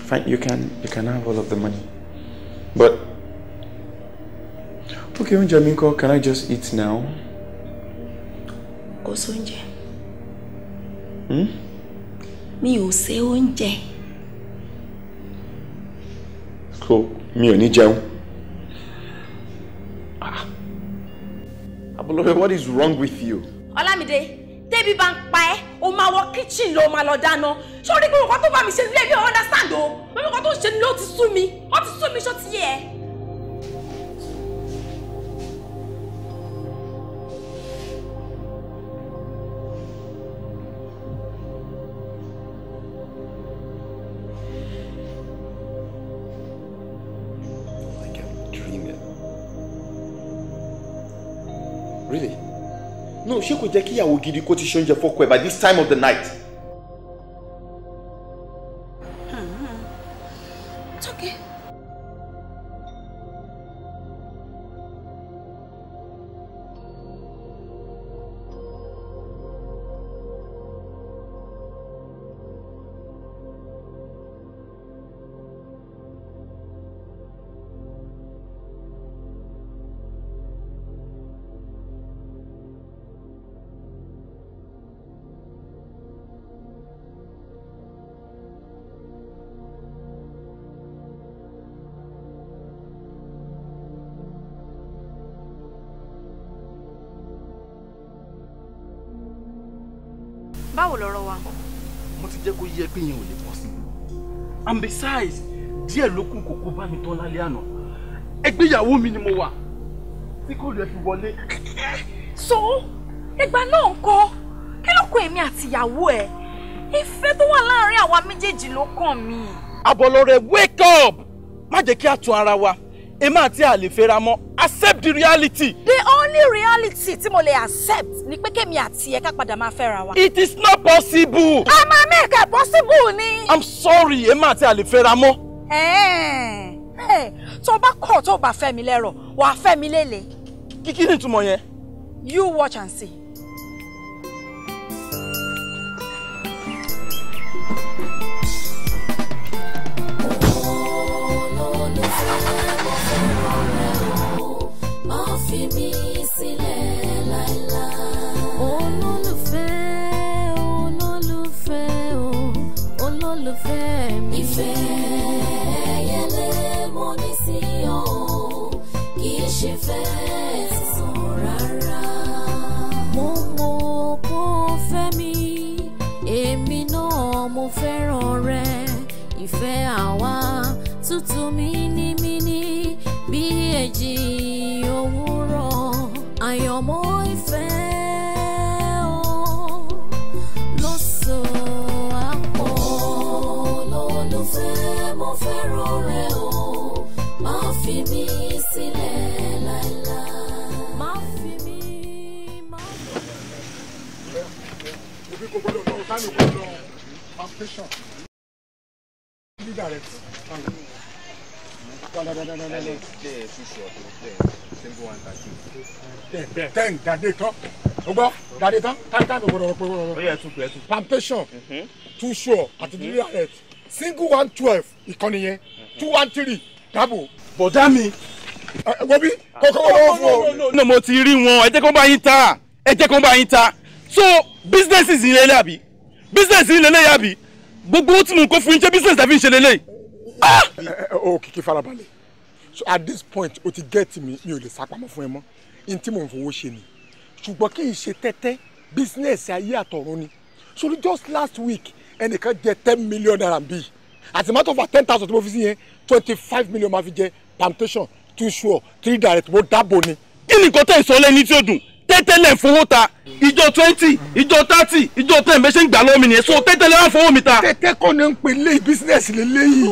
Fine, you can you can have all of the money. But Okay, oúnjẹ mi can I just eat now? Kò sóúnjẹ. Hmm? Mi ò ṣe oúnjẹ. So, mi ò ní jẹun. Ah. Abolobe, what is wrong with you? Olamide débi bá ń pa ẹ́ o máa wọ kíchìn lọ máa lọ dáná sórí pé nǹkan tó bá mi ṣe nílé mi ò understand pé nǹkan tó ń ṣe nílé ó ti sú mi ó ti sú mi ṣó ti yẹ. Really? no ṣé kò jẹ́ kí ìyàwó gidi kó ti ṣe oúnjẹ fọ́kọ ẹ̀ by this time of the night. besides díẹ̀ ló kún kókó bá mi tán lálẹ́ àná ẹgbẹ́ ìyàwó mi ni mo wà tí kò lè fi wọlé. so ìgbà náà ń kọ kí ló kó èmi àti ìyàwó ẹ ìfẹ́ tó wà láàárín àwa méjèèjì ló kàn mí. àbọ̀lọ̀ rẹ̀ wake up má jẹ́ kí a tún ara wa emma àti àlè fẹ́ra mọ́ accept the reality. the only reality tí mo lè accept ni pé kémi àti ẹ ká padà máa fẹ́ra wa. it is not possible. a máa mẹ́ẹ̀kẹ́ possible ni. i'm sorry emma àti àlè fẹ́ra mọ́. tó bá kọ̀ tó bá fẹ́ mi lẹ́rọ̀ wà á fẹ́ mi lélẹ̀. kíkí ni ìtumọ̀ yẹn. you watch and see. Oh, no, no, no ẹ̀rọ rẹ̀ o má fi mí sílẹ̀ láéláé. olólùfẹ́ olólùfẹ́ o olólùfẹ́ mi. ìfẹ́ ẹ̀yẹlé mo mo mọ̀ kó o fẹ́ mi היום הוא יפאו, Thank you simple ten ten dade tán o gbọ́ dade tán time time ìwọ̀rọ̀ pé wọ́n rọ̀. ó yẹ two plus two. palmpation mhm. two sure mhm. single one twelve ìkànnì yẹn mhm. two one three double. bọ̀dá mi. ẹ wo bí kókó wọn lọ́wọ́ fún ọ. náà mo ti rí wọn ẹ jẹ́ kó bá yín ta ẹ jẹ́ kó bá yín ta so businesses yìí lélẹ̀ àbí businesses yìí lélẹ̀ àbí gbogbo owó tí mo kó fún yín jẹ́ business tàbí ìṣẹ̀lẹ̀ lẹ́yìn. òkìkí farabalẹ̀ at this point o ti get me mi ò lè sápamọ́ fún ẹ mọ́ n tí mò ń fowó ṣe ni ṣùgbọ́n kì í ṣe tẹ́tẹ́ bísínẹ́sì ayé àtọ̀run ni so just last week ẹnìkan jẹ ten million naira bíi àti matter of ten thousand tí mo fi sí yẹn twenty five million máa fi jẹ palmitation two sure three direct mo dábò ni. kí ni nǹkan tẹ́ ìsọ̀lẹ́ ní tí ó dùn tẹ́tẹ́lẹ̀ fowó ta ìjọ twenty ìjọ thirty ìjọ ten bẹ́ẹ̀ ṣe ń gbà lọ́wọ́ mi nìyẹn tẹ́tẹ́lẹ̀ wá fowó mi ta. tẹ́tẹ́ kọ́ ń pè lé bísínẹ́sì lélẹ́yìí.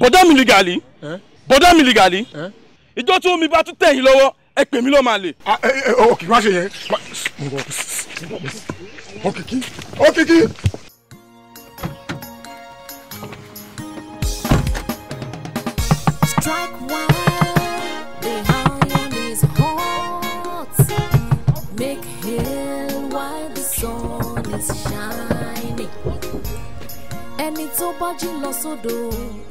bọ̀dá mi ni gàlí bọ́dá mi lìgàlí ìjọ tí omi bá tún tẹ̀yìn lọ́wọ́ ẹ pè mí ló máa lè. òkè ah, eh, eh, oh, má ṣe yẹn òkìkí oh, òkìkí. Oh, Strike one, the iron is hot. Make him while the sun is shining tó bá jí lọ sódò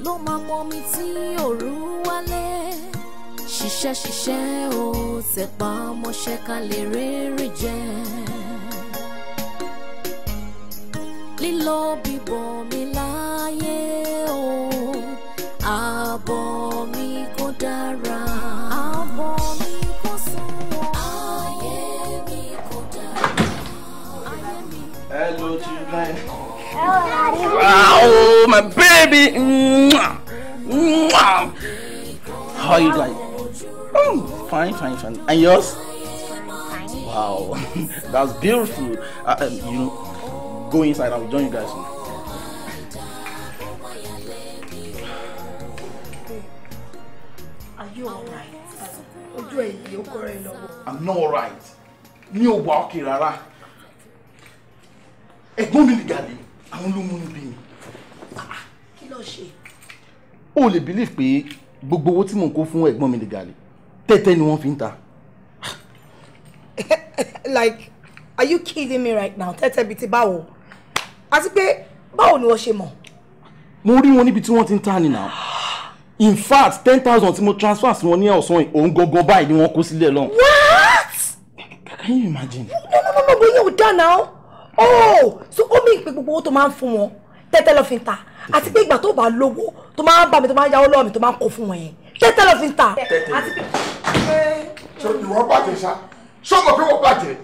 ló máa pọnmi tí òru wálé ṣiṣẹ́ ṣiṣẹ́ ó tẹpá mọ́ṣẹ́ ká lè rere jẹ. lílọ bíbọ̀ mi láyé o àbọ̀ mi. fun. Oh, my baby! Mwah. Mwah. How are you guys? Oh, fine, fine, fine. And yours? Fine. Wow, that's beautiful. Uh, um, you know, go inside. I'll join you guys. Soon. Are you alright? I'm not alright. Mi ò wà okay rárá. ẹ̀gbọ́n mi nìgàlè àwọn ló múnú bí mi. kí ló ṣe. o lè believe pé gbogbo owó tí mò ń kó fún ẹ̀gbọ́n mi nìgàlè tẹ́tẹ́ ni wọ́n fi ń ta. like are you kidding me right now tẹ́tẹ́ bíi ti báwo àti pé báwo ni wọ́n ṣe mọ̀. mo rí wọn níbi tí wọ́n ti ń ta ni now in fact ten thousand tí mo transfer sí wọn ní ọ̀sán òun báyìí ni wọ́n kó sílẹ̀ lọ́hùn. what. can you imagine. no no no no boye o da now oh so ó mí pé gbogbo owó tó máa ń fún wọn tẹ́tẹ́ lọ fi ń ta àti pé ìgbà tó bá lówó tó máa ń bá mi tó máa ń yáwó lọ́wọ́ mi tó máa ń kó fún wọn yẹn tẹ́tẹ́ lọ fi ta. so ìwọ bàjẹ́ ṣá sọ́mọ pé wọ́n bàjẹ́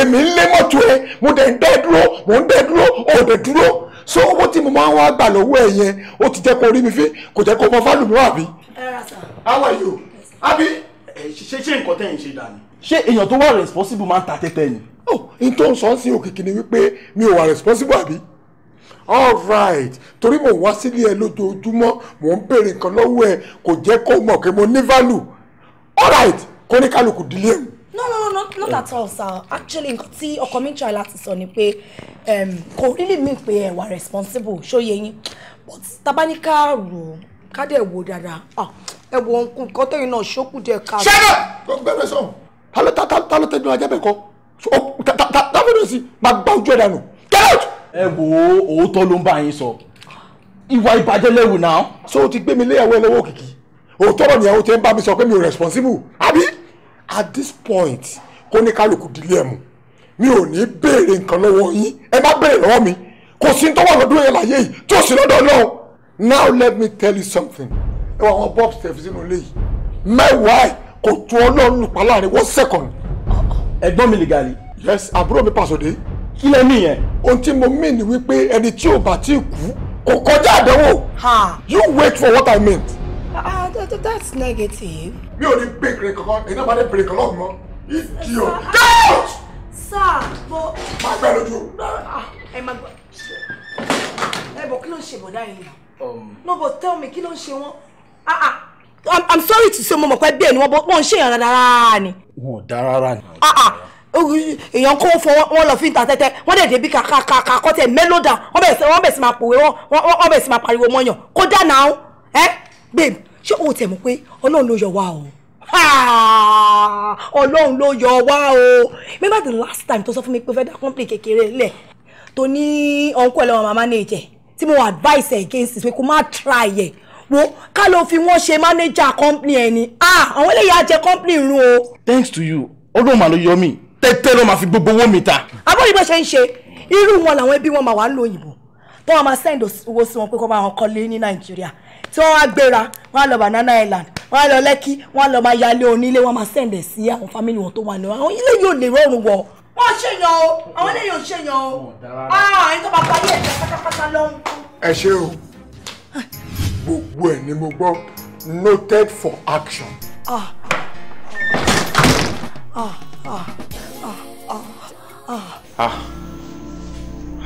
èmi ń lé mọ́tò ẹ mo dẹ̀ ń dẹ́ dúró mo ń dẹ́ dúró ò dẹ̀ dúró so owó tí mo máa ń wá gbà lọ́wọ́ ẹ yẹn ó ti jẹ́ kó rí mi fín kò jẹ́ kó mọ fálù mi wà bí. awa yìí o àbí. ṣe ṣe nǹkan tẹ́yìn ṣe dà ní. ṣé èèyàn tó wà responsible máa ń ta tẹ́tẹ́ ni oh in tó of sọ ń sin òkìkí ni wípé mi responsible àbí all right torí mò ń wá sílé ẹ lójoojúmọ́ mò ń béèrè nǹkan lọ́wọ́ ẹ kò jẹ́ kó mo ní value all right kó ní kálukú dílé ẹ̀. no no no not, not at all sir actually nǹkan tí ọkọ mi ń try láti sọ ni pé um, kò really mean pé ẹ wà responsible ṣóye yín but tabaníkà rò ó ká dẹ̀ wò dáadáa ah, ẹ wo nǹkan tẹ́yìn náà ṣókùdẹ̀ ká. ṣẹ́yìn náà gbẹ́rẹ́ sọ̀rọ̀ ta ló tẹ́jú ajá bẹ́ẹ̀ kọ́ tábìlì sí máa gbá ojú ẹ̀ dànù get out. ẹ wo òótọ́ ló ń bá yín sọ ìwà ìbàjẹ́ lẹ́wù náà. so o ti gbé mi léyàwó ẹlẹ́wọ́ òkìkí òótọ́ rọ̀ nìyàwó tẹ́ ń bá mi sọ pé mi ò responsible àbí at this point kó ní kálukú dílé ẹ̀ mu mi ò ní béèrè nǹkan lọ́wọ́ yín ẹ má béèrè lọ́wọ́ mi kò sí ní tọ́wọ́ lọ́dún yẹn láyé yìí tí ò sí lọ́dọ̀ náà now let me tell you something ẹ wọ àwọn bob steph sínú ilé yìí mẹ́wàá ẹ̀ kò tún ọlọ́run lùpá láàrin one second ẹ̀gbọ́n mi legally. yes àbúrò mi pàṣọdé. kí lẹ ní yẹn. ohun tí mo mean ni wípé ẹni tí ò bá tí kú kò kọjá àdánwò. you wait for what I meant. ah that's negative. mi ò ní pè kiri kankan iná máa ní pèrè kan lọ́hùn mọ́ ìdí o. couch. sir bo. máa gbẹ lójú. Ah, ẹ máa gbọ́ ẹ bọ̀ kí ló ń ṣe bọ̀dá yìí um. no but tell me kí ló ń ṣe wọn. Ah, ah. I'm sorry to say mo mọ̀ pé bẹ́ẹ̀ ni wọ́n bọ́ wọ́n ń rárá ni wọn ò dá rárá ni. Ah, ah. èèyàn kó fọwọ́ wọn lọ fi ń ta tẹ́tẹ́ wọ́n dẹ̀ débi kàkàkà kọ́tẹ̀ mélòdà wọ́n bẹ̀ sí máa pòwe wọ́n bẹ̀ sí máa pariwo mọ́yàn kó dà náà ẹ́ babe ṣé o tẹ̀ mọ́ pé ọlọ́run ló yọ wá o ọlọ́run ló yọ wá o remember the last time tó sọ fún mi pé fẹ́ dá company kékeré lẹ̀ tó ní ọ̀nkú ẹ̀ lọ́wọ́ màmá ní ìjẹ́ tí mo advice against it pé kó má try ẹ̀ wo ká ló fi wọ́n ṣe mánéjà company ẹ̀ ni ah, àwọn eléyìí jẹ company run o. thanks to you ọdún màá ló yọ mí tẹ́tẹ́ ló máa fi gbogbo owó mi ta. abọ́dé bó ṣe ń ṣe irú wọn làwọn ẹbí wọn máa wà ń lo òyìnbó tó wọn máa send owó sí wọn pé kó bá wọn kọ́lé ní nàìjíríà tí wọ́n wá gbéra wọ́n á lọ banana island wọ́n á lọ lẹ́kí wọ́n á lọ máa yálé onílé wọ́n máa send ẹ̀ sí àwọn family wọn tó wà ní àwọn ilé yóò lè rọrùn wọ̀. wọ́n ṣèyàn o àwọn ilé yóò ṣèyàn o àwọn àyíntọ́ bàbá yẹ̀ pátápátá lọ́hùn. ẹ ṣe o ah, gbogbo ẹ̀ ni mo gbọ́ noted for action. Ah. Ah. Ah. Ah. Ah. Ah. Ah.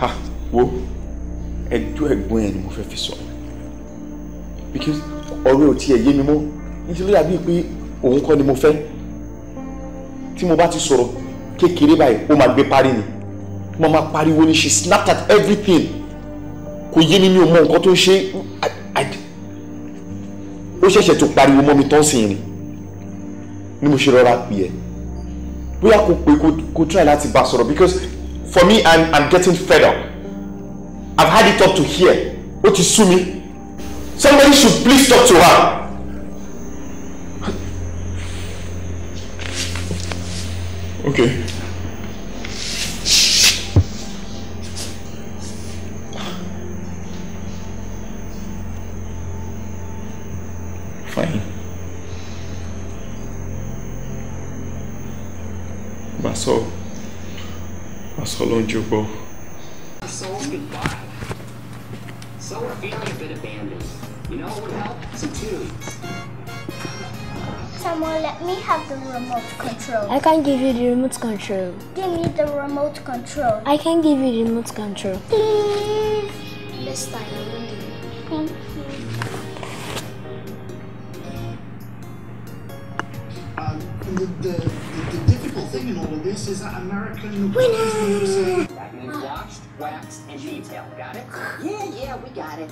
Ah. Wo ẹjọ́ ẹ̀gbọ́n ẹ̀ ni mo fẹ́ fi sọ. Because ọ̀rẹ́ ò tiẹ̀ yé mi mọ́. Nítorí dàbí pé òun kọ́ ni mo fẹ́. Tí mo bá ti sọ̀rọ̀ kékeré báyìí, ó máa gbé parí ni. Mo máa pariwo ni she snapped at everything. Kò yé mi mi ò mọ nǹkan tó ń ṣe ó ṣẹ̀ṣẹ̀ tó pariwo mọ́ mi tán sí rìn ni mo ṣe rọra pè ẹ́ bóyá kò pé kò try láti bá a sọ̀rọ̀ because for me I'm, I'm getting fed up I've had it up to here ó ti sú mi somebody should please talk to her. okay. bro. Our souls goodbye. So we're feeling a bit abandoned. You know what would help? Some tunes. Someone let me have the remote control. I can't give you the remote control. Give me the remote control. I can not give you the remote control. Please. This Thank you. Um, the, the, the, the difficult thing in all of this is that American... Winner! attention to detail. Got it? Yeah, yeah, we got it.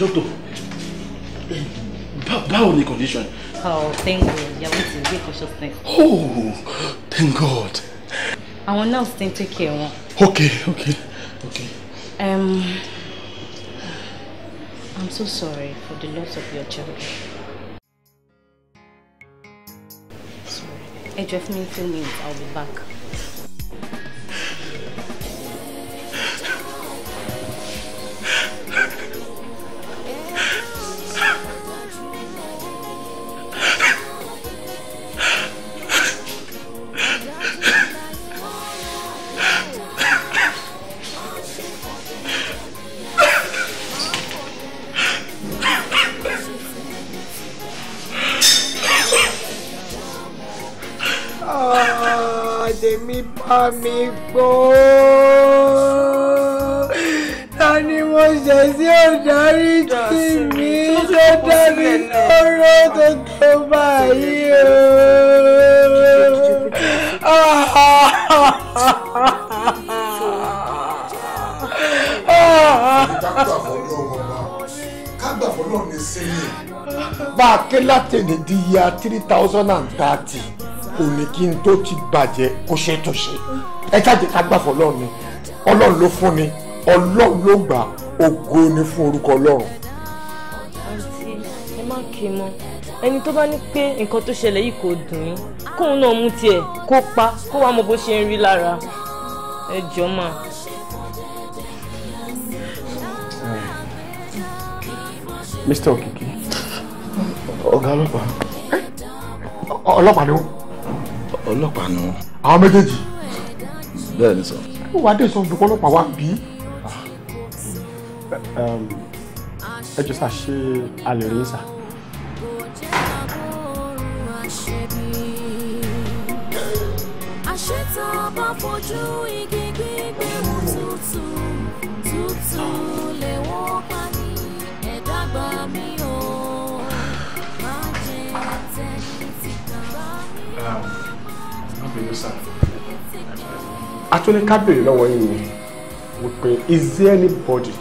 Doctor, on the condition? Oh, thank God. Ìyàwó ti gbé consciousness. Oh, thank God. I want ti ń take care of. Okay, okay, okay. Um, I'm so sorry for the loss of your children. Sorry. Ẹ jẹ́ fún two minutes, I'll be back. tá a ké látẹ̀lé di ya three thousand and thirty òní kí n tó ti bàjẹ́ kó ṣe tó ṣe ẹ jáde ká gbà fún ọlọ́run ni ọlọ́run ló fún ni ọlọ́run ló gbà ògo ni fún orúkọ ọlọ́run. àǹtí ẹ má kí mọ ẹni tó bá ní pé nǹkan tó ṣẹlẹ̀ yìí kò dùn yín kóun náà mú tiẹ̀ kó pa kó wàá mọ bó ṣe ń rí lára ẹ jọ máa. Mr. Oki ọ̀gá ọlọ́pàá. ọlọ́pàá ni wọ́n. ọlọ́pàá ni wọ́n. àwọn méjèèjì. bẹ́ẹ̀ ni sọ. wàá dé sọ fún ọlọ́pàá wa bí. Ah. ẹ jọ sir atúnika béèrè lọ́wọ́ yín ni wípé is there anybody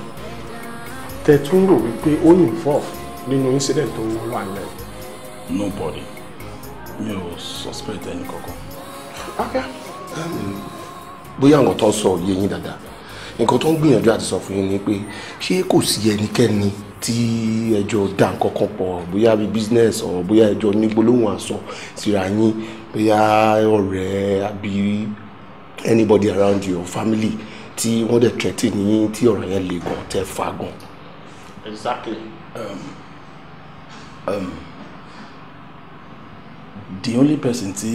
tẹ tún rò wípé ó involve nínú incident tó wà nílẹ̀. nobody mi ò suspect ẹni kankan. okay. bóyá àwọn tó ń sọ òye yín dáadáa nǹkan tó ń gbìyànjú àti sọ fún yín ni pé ṣé kò sí ẹnikẹ́ni tí ẹjọ́ dá nǹkan kan pọ̀ bóyá bí business ọ̀ bóyá ẹjọ́ ní gbólóhùn àsọ síra yín bóyá ọ̀rẹ́ àbí anybody around your family tí wọ́n dẹ̀ threaten yín tí ọ̀rọ̀ yẹn le gan tẹ́ fa gan. exactly. Um, um, the only person tí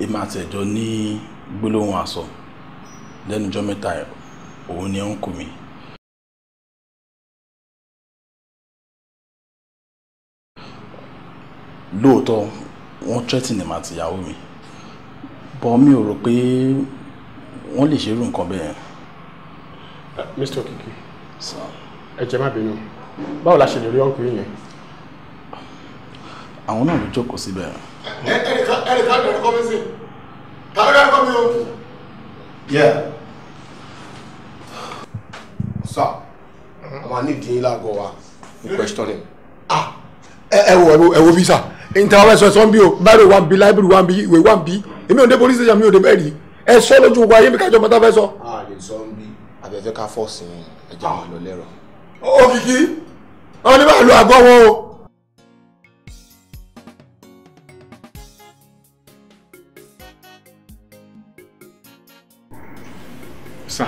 èmi àti ẹ̀jọ́ ní gbólóhùn àsọ lẹ́nu ọjọ́ mẹ́ta òun ni ó ń kù mí. lóòótọ́ wọ́n threaten èmi àti ìyàwó mi bọ́ mi ò rò pé wọ́n lè ṣerú nǹkan bẹ́ẹ̀. Uh, Mr. Okiki ẹ jẹ́ má bínú báwo la ṣe lè rí ọkùnrin yẹn. àwọn náà ló jókòó síbẹ̀. ẹnìkan ẹnìkan ló kọ́ mi sí ta ló kọ́ mi o. sir mm-hmm. a máa ní ìdíyín lágọ̀ọ́ wa ní question ni. Ah, ẹ wo ẹ wo visa ìntàwọn ẹ̀sọ́ ẹ̀sọ́ ń bí o báyìí wà ń bí láìbírì wà ń bí ìwé wà ń o èmi ò dé police station mi ò dé bẹ́ẹ̀ rí ẹ̀sọ́ lójú gbogbo ayé mi kájọ mọ́tà fẹ́ sọ. a lè sọ ń bí abẹ́fẹ́ ká fọ́ọ̀sì ẹja mi lọ lẹ́rọ. òkìkí wọn ní bá lo àgọ́ wọn o. sà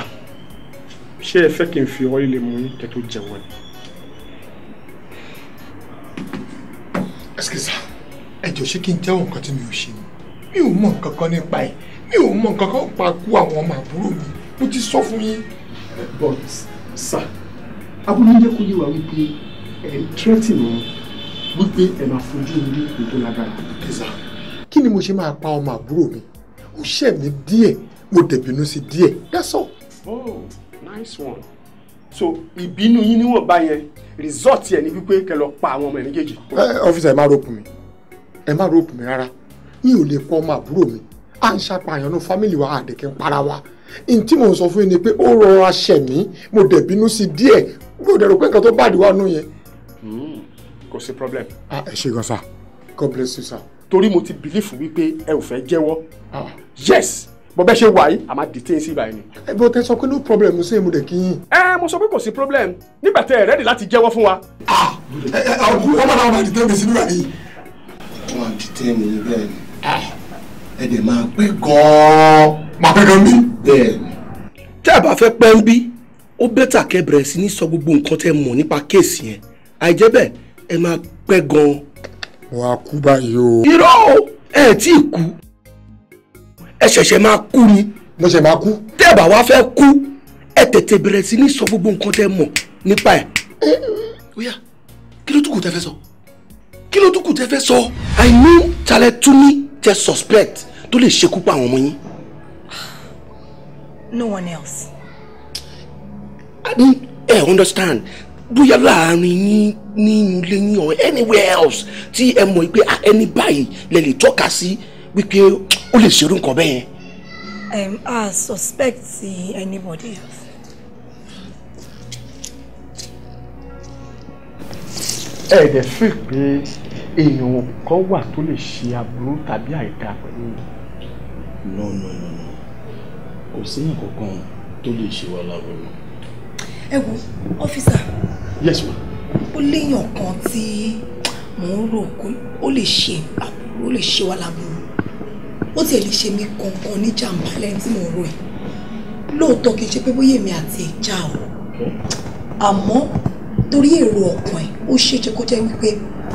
ṣé ẹ fẹ́ kí n fi ọwọ́ líle mú kẹ́tọ́ jẹun ni. Excuse me ẹ jọ ṣé kí n jẹ́wọ́ nǹkan tí mi ò ṣe mi ò mọ nǹkan kan nípa ẹ̀ mi ò mọ nǹkan kan pa kú àwọn ọmọ àbúrò mi mo ti sọ fún yín. but sir abúlé ń jẹ́ kó wa wípé ẹ̀ ń tírẹ́tì wọn wípé ẹ̀ máa fojú orí ètò lágbára. ẹ̀sà kí ni mo ṣe máa pa ọmọ àbúrò mi ó ṣẹ̀ mí díẹ̀ mo dẹ̀ bínú sí díẹ̀ that's all. oh nice one so ìbínú yín níwọ̀nba yẹn result yẹn ni wípé kẹ́ lọ pa àwọn ọmọ ẹ̀ méjèèjì. ọ́fíìsì ẹ má rọ́ọ̀kù mi ẹ má rope mi rárá mi ò lè pọ̀ ọmọ àbúrò mi à ń ṣàpàyàn ní fámìlì wa àdèkè ń para wa n tí mò ń sọ fún yín ni pé ó rọra ṣẹ̀ mí mo dẹ̀ bínú sí díẹ̀ mi ò dẹ̀ rò pé nǹkan tó bàdí wà nù yẹn. Hmm, kò sí problem. ah ẹ ṣe gan sa. God bless you sir. torí mo ti bìlífù wípé ẹ ò fẹ́ jẹ́wọ́. Ah. yes bó bẹ́ ṣe wà yìí a máa detain sí ibàyẹn ni. ẹ bó tẹ sọ pé no problem ṣé mo dẹ̀ kí yín. ẹ eh, mo sọ pé kò sí problem nígbà tẹ ẹ rẹ́ẹ̀dì láti jẹ́wọ́ fún wa. ah ọkùnrin ọmọdé àwọn máa detain mi sínú ìwà yìí wọn àti tẹ́ẹ̀mù yín bẹ́ẹ̀ ni ah. ẹ dẹ̀ máa pẹ́ gan-an. máa pẹ́ gan-an bí. bẹ́ẹ̀ ni. tẹ́ ẹ bá fẹ́ pẹ́ ń bí ó bẹ́tà kẹ́ bẹ̀rẹ̀ sí ní sọ gbogbo nǹkan tẹ́ mọ̀ nípa kéèsì yẹn àìjẹ́ bẹ́ẹ̀ ẹ máa pẹ́ gan-an. wàá kú báyìí o. irọ́ ẹ tí ì kú ẹ ṣẹ̀ṣẹ̀ máa kú ni. mo ṣẹ̀ máa kú. tẹ́ ẹ bá wá fẹ́ kú ẹ tètè bẹ̀rẹ̀ sí ní sọ gbogbo nǹkan tẹ́ mọ̀ nípa ẹ̀. ó kí ló tún kù tẹ́ fẹ́ sọ kí ló tún kù tẹ́ fẹ́ sọ. àìní talẹ̀ tún ní tẹ suspect tó lè ṣekú pa àwọn ọmọ yín. no one else. i mean eh, understand bóyá láàrin yín nínú ilé yín or anywhere else tí ẹ mọ̀ pé ẹni báyìí lè lè tọ́ka sí wípé ó lè ṣerú nǹkan bẹ́ẹ̀. Um, I suspect anybody else. ẹ ẹ̀ dẹ̀ fi pé èèyàn kan wà tó lè ṣe aburú tàbí àìdá pẹ̀lú yìí. no no no no kò séèyàn kankan tó lè ṣe wà lábẹ́rẹ́. ẹ wo ọ́fíìsà. yes ma. ó léèyàn kan tí mò ń rò pé ó lè ṣe aburú ó lè ṣe wà lábẹ́rẹ́ ó tiẹ̀ lè ṣe mí kankan ní jàǹbá lẹ́yìn tí mò ń rò ẹ̀ lóòótọ́ kì í ṣe pé bóyá èmi àti ẹ̀ já o àmọ́ torí èrò ọkàn ẹ̀ ó ṣeéṣe kó jẹ́ wípé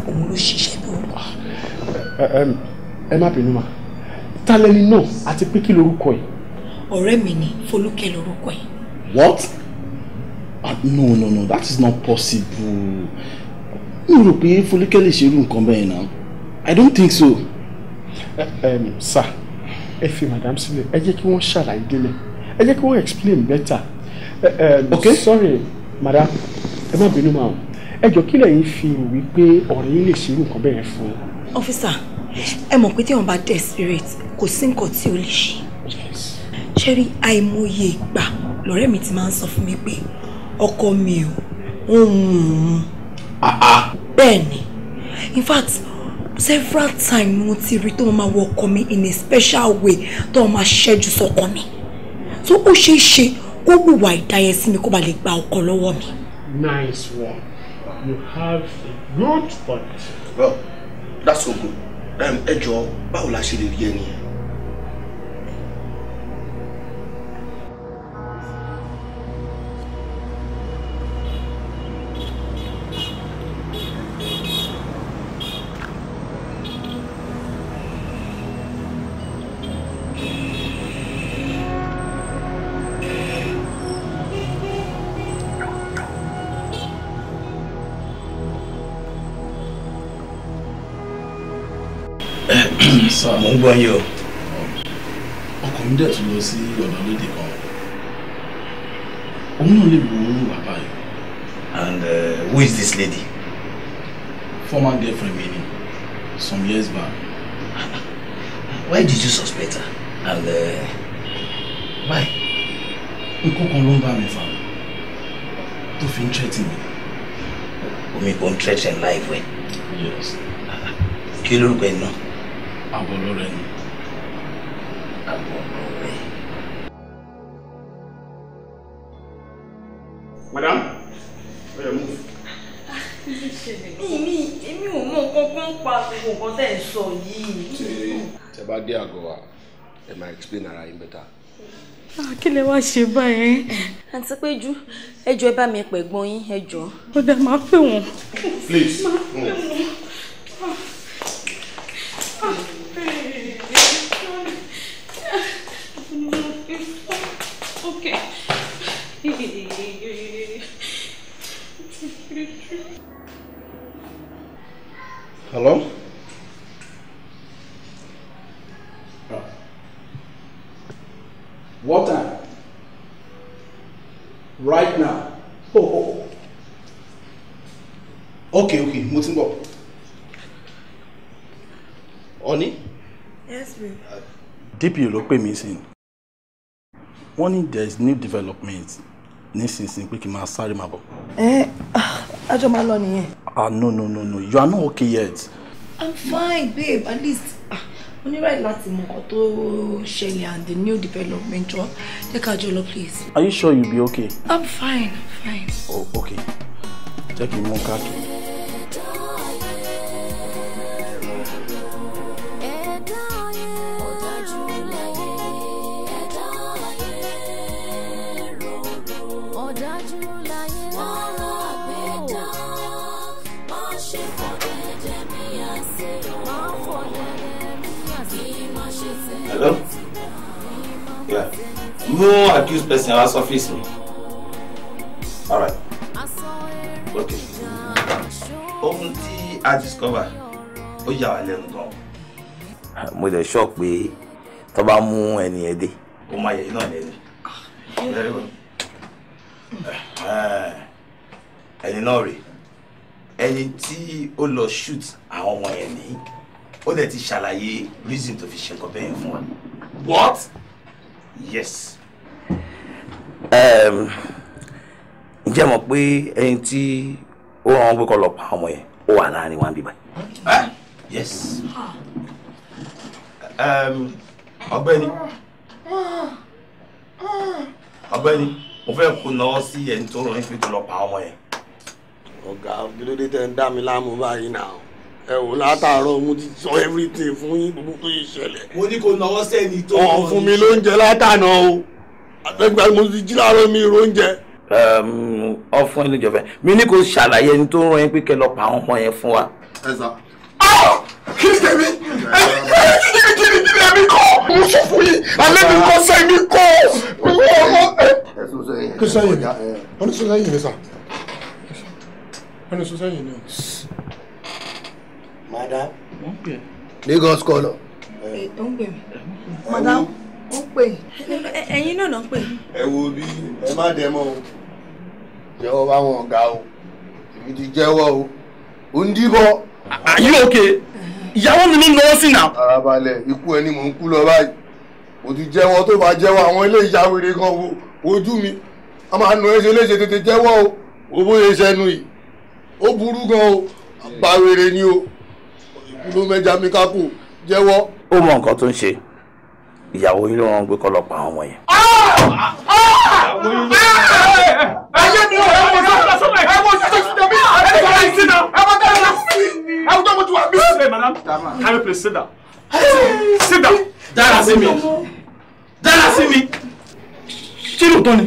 òun ló ṣiṣẹ́ burúkú. Ah, ẹ má bínú ma ta lẹni náà àti pé kí lorúkọ ẹ̀. ọ̀rẹ́ mi ni Folúkẹ́ lorúkọ ẹ̀. what? Ah, no no no that is not possible mi rò pé Folúkẹ́ lè ṣerú nǹkan bẹ́ẹ̀ náà i don't think so. Eh, sir ẹ fi madam sílẹ̀ ẹ jẹ́ kí wọ́n ṣàlàyé délẹ̀ ẹ jẹ́ kí wọ́n explain better. Uh, um, okay sorry madam ẹ má bínú máa ẹ jọ kí lẹ́yìn fi wípé ọ̀rẹ́ yín lè ṣerú nǹkan bẹ́ẹ̀ fún un. ọfíìsà ẹ mọ̀ pé téèyàn bá desperate kò sí nǹkan tí ó lè ṣe ṣẹ́rí àìmọye ìgbà lọ́rẹ́ mi ti máa ń sọ fún mi pé ọkọ mi ò ń hùn ah, ah. bẹ́ẹ̀ ni in fact several times mo ti rí tó máa wọ ọkọ mi in a special way tó máa ṣẹ́jú sọ́kọ mi tó ó ṣeé ṣe kó wùwà ìdáyẹsí mi kó ba lè gba ọkọ lọ́wọ́ mi nice one. You have a good point. Well, that's so good. Um, ẹ jọ, báwo la ṣe lè rí ẹni gbọ́ yín o. ọkọ mi dẹ̀ tún lọ sí ọ̀dọ̀ lédè kan òun náà lè wo bàbá yìí. and uh, who is this lady. former girlfriend mi ni some years back. why did you suspect her and uh, why. nǹkan kan ló ń bá mi fà tó fi ń threaten mi. omi kò ń threaten live well. yes. kí lórúkọ ẹ náà àbọ̀ lọ́rẹ̀ ni. àbọ̀ lọ́rẹ̀. madam ó yẹ mú. mi èmi ò mọ nǹkan kan pa gbogbo nǹkan tẹ̀ ń sọ yìí. ṣé tẹ bá dé àgọ́ wa ẹ máa explain ara yín better ah, kí lẹ wá ṣe báyẹn. àǹtí péjú ẹjọ ẹ bá mi pẹ̀gbọ́n yín ẹjọ. ó dá máa pè wọ́n. please. máa pè wọ́n. Hello? Oh. What time? Right now. Oh, oh, oh. Okay, okay, mo ti ń bọ̀. Ọ̀ní? Yes, babe. Uh, DPO ló pè mí sí. Wọ́n ní there is new development nísinsìnyí pé kí n máa sáré máa bọ̀. Ẹ eh, ah, àjọ máa lọ nìyẹn. ah no no no no you are not okay yet. i'm fine babe at least when ah, you write láti mọ nǹkan tó and the new development jọ jẹ́ ká jọ please. are you sure you'll be okay. i'm fine i'm fine. oh okay take kí n mú No accused person has sọ́fíìsì mi. all right ok ohun tí a discover ó yà wá lẹ́nu gan. mo dẹ̀ sọ pé tó bá mú ẹni ẹ dé. ó máa yẹ iná lẹ́nu eh, ẹni náà rèé ẹni tí ó lọ shoot àwọn ọmọ yẹn ní ó dẹ̀ ti ṣàlàyé reason tó fi ṣe nǹkan bẹ́ẹ̀ fún wa. what? yes. ǹjẹ́ mọ̀ pé ẹni tí ó ràn wọ́n pé kọ́ lọ pa ọmọ yẹn ó wà láàrin wa bíbá. yes ọ̀gbẹ́ni ọ̀gbẹ́ni mo fẹ́ kó náà sí ẹni tó ràn wọ́n pé pa ọmọ yẹn. ọ̀gá ògidóde tẹ̀ ń dá mi láàmú báyìí náà ẹ wò látàárọ̀ mo ti sọ everything fún yín gbogbo tó ṣẹlẹ̀. mo ní kò náwó sẹ́ni tó. ọ̀ fún mi ló ń jẹ látàná o. àtẹgbà mo ti jí láàárọ̀ mi ìró oúnjẹ. ọfún inú ìjọba mi ní kò ṣàlàyé ẹni tó ń rán yín pé kẹ́ lọ pa àwọn ọmọ yẹn fún wa. ẹ sà. kí ni tèmi kí ni kí ni èmi kọ́ mo sọ fún yín alẹ́ mi kọ́ sẹ́yìn mi kọ́ kí sẹ́yìn wọ́n ní sọ sẹ́yìn ni sà wọ́n ní sọ sẹ́yìn ni. madam. lagos kọ́ lọ. madam ó pè. ẹ̀yin náà náà pè. ẹ wo bí ẹ má dẹ mọ́ o jẹ́wọ́ báwọn ọ̀gá o èmi ti jẹ́wọ́ o ò ń díbọ̀. are you okay? ìyàwó mi ló ń lọ́wọ́ sí náà. arabalẹ̀ ikú ẹni mò ń kú lọ báyìí mo ti jẹ́wọ́ tó bá jẹ́wọ́ àwọn ilé ìyàwèrè kan wo ojú mi a máa nà ẹsẹ̀ léṣe tètè jẹ́wọ́ o owó yẹn sẹ́nu yìí ó burú gan o àgbàwèrè ni o ìkúló mi kákò jẹ́wọ́. ó mọ nǹkan tó ń ṣe ìyàwó yín ló wọn gbé kọ́ lọ pa àwọn wọ̀nyẹn. ayé mi ò ẹ wọ sọ sọ ẹ wọ sọ sí tèmi ẹ wọ sọ sí náà ẹ wọ sọ sí ẹ wọ sọ sí wa bí. ṣe madam can you please sit down sit down. dára sí mi dára sí mi kí ló tán ni.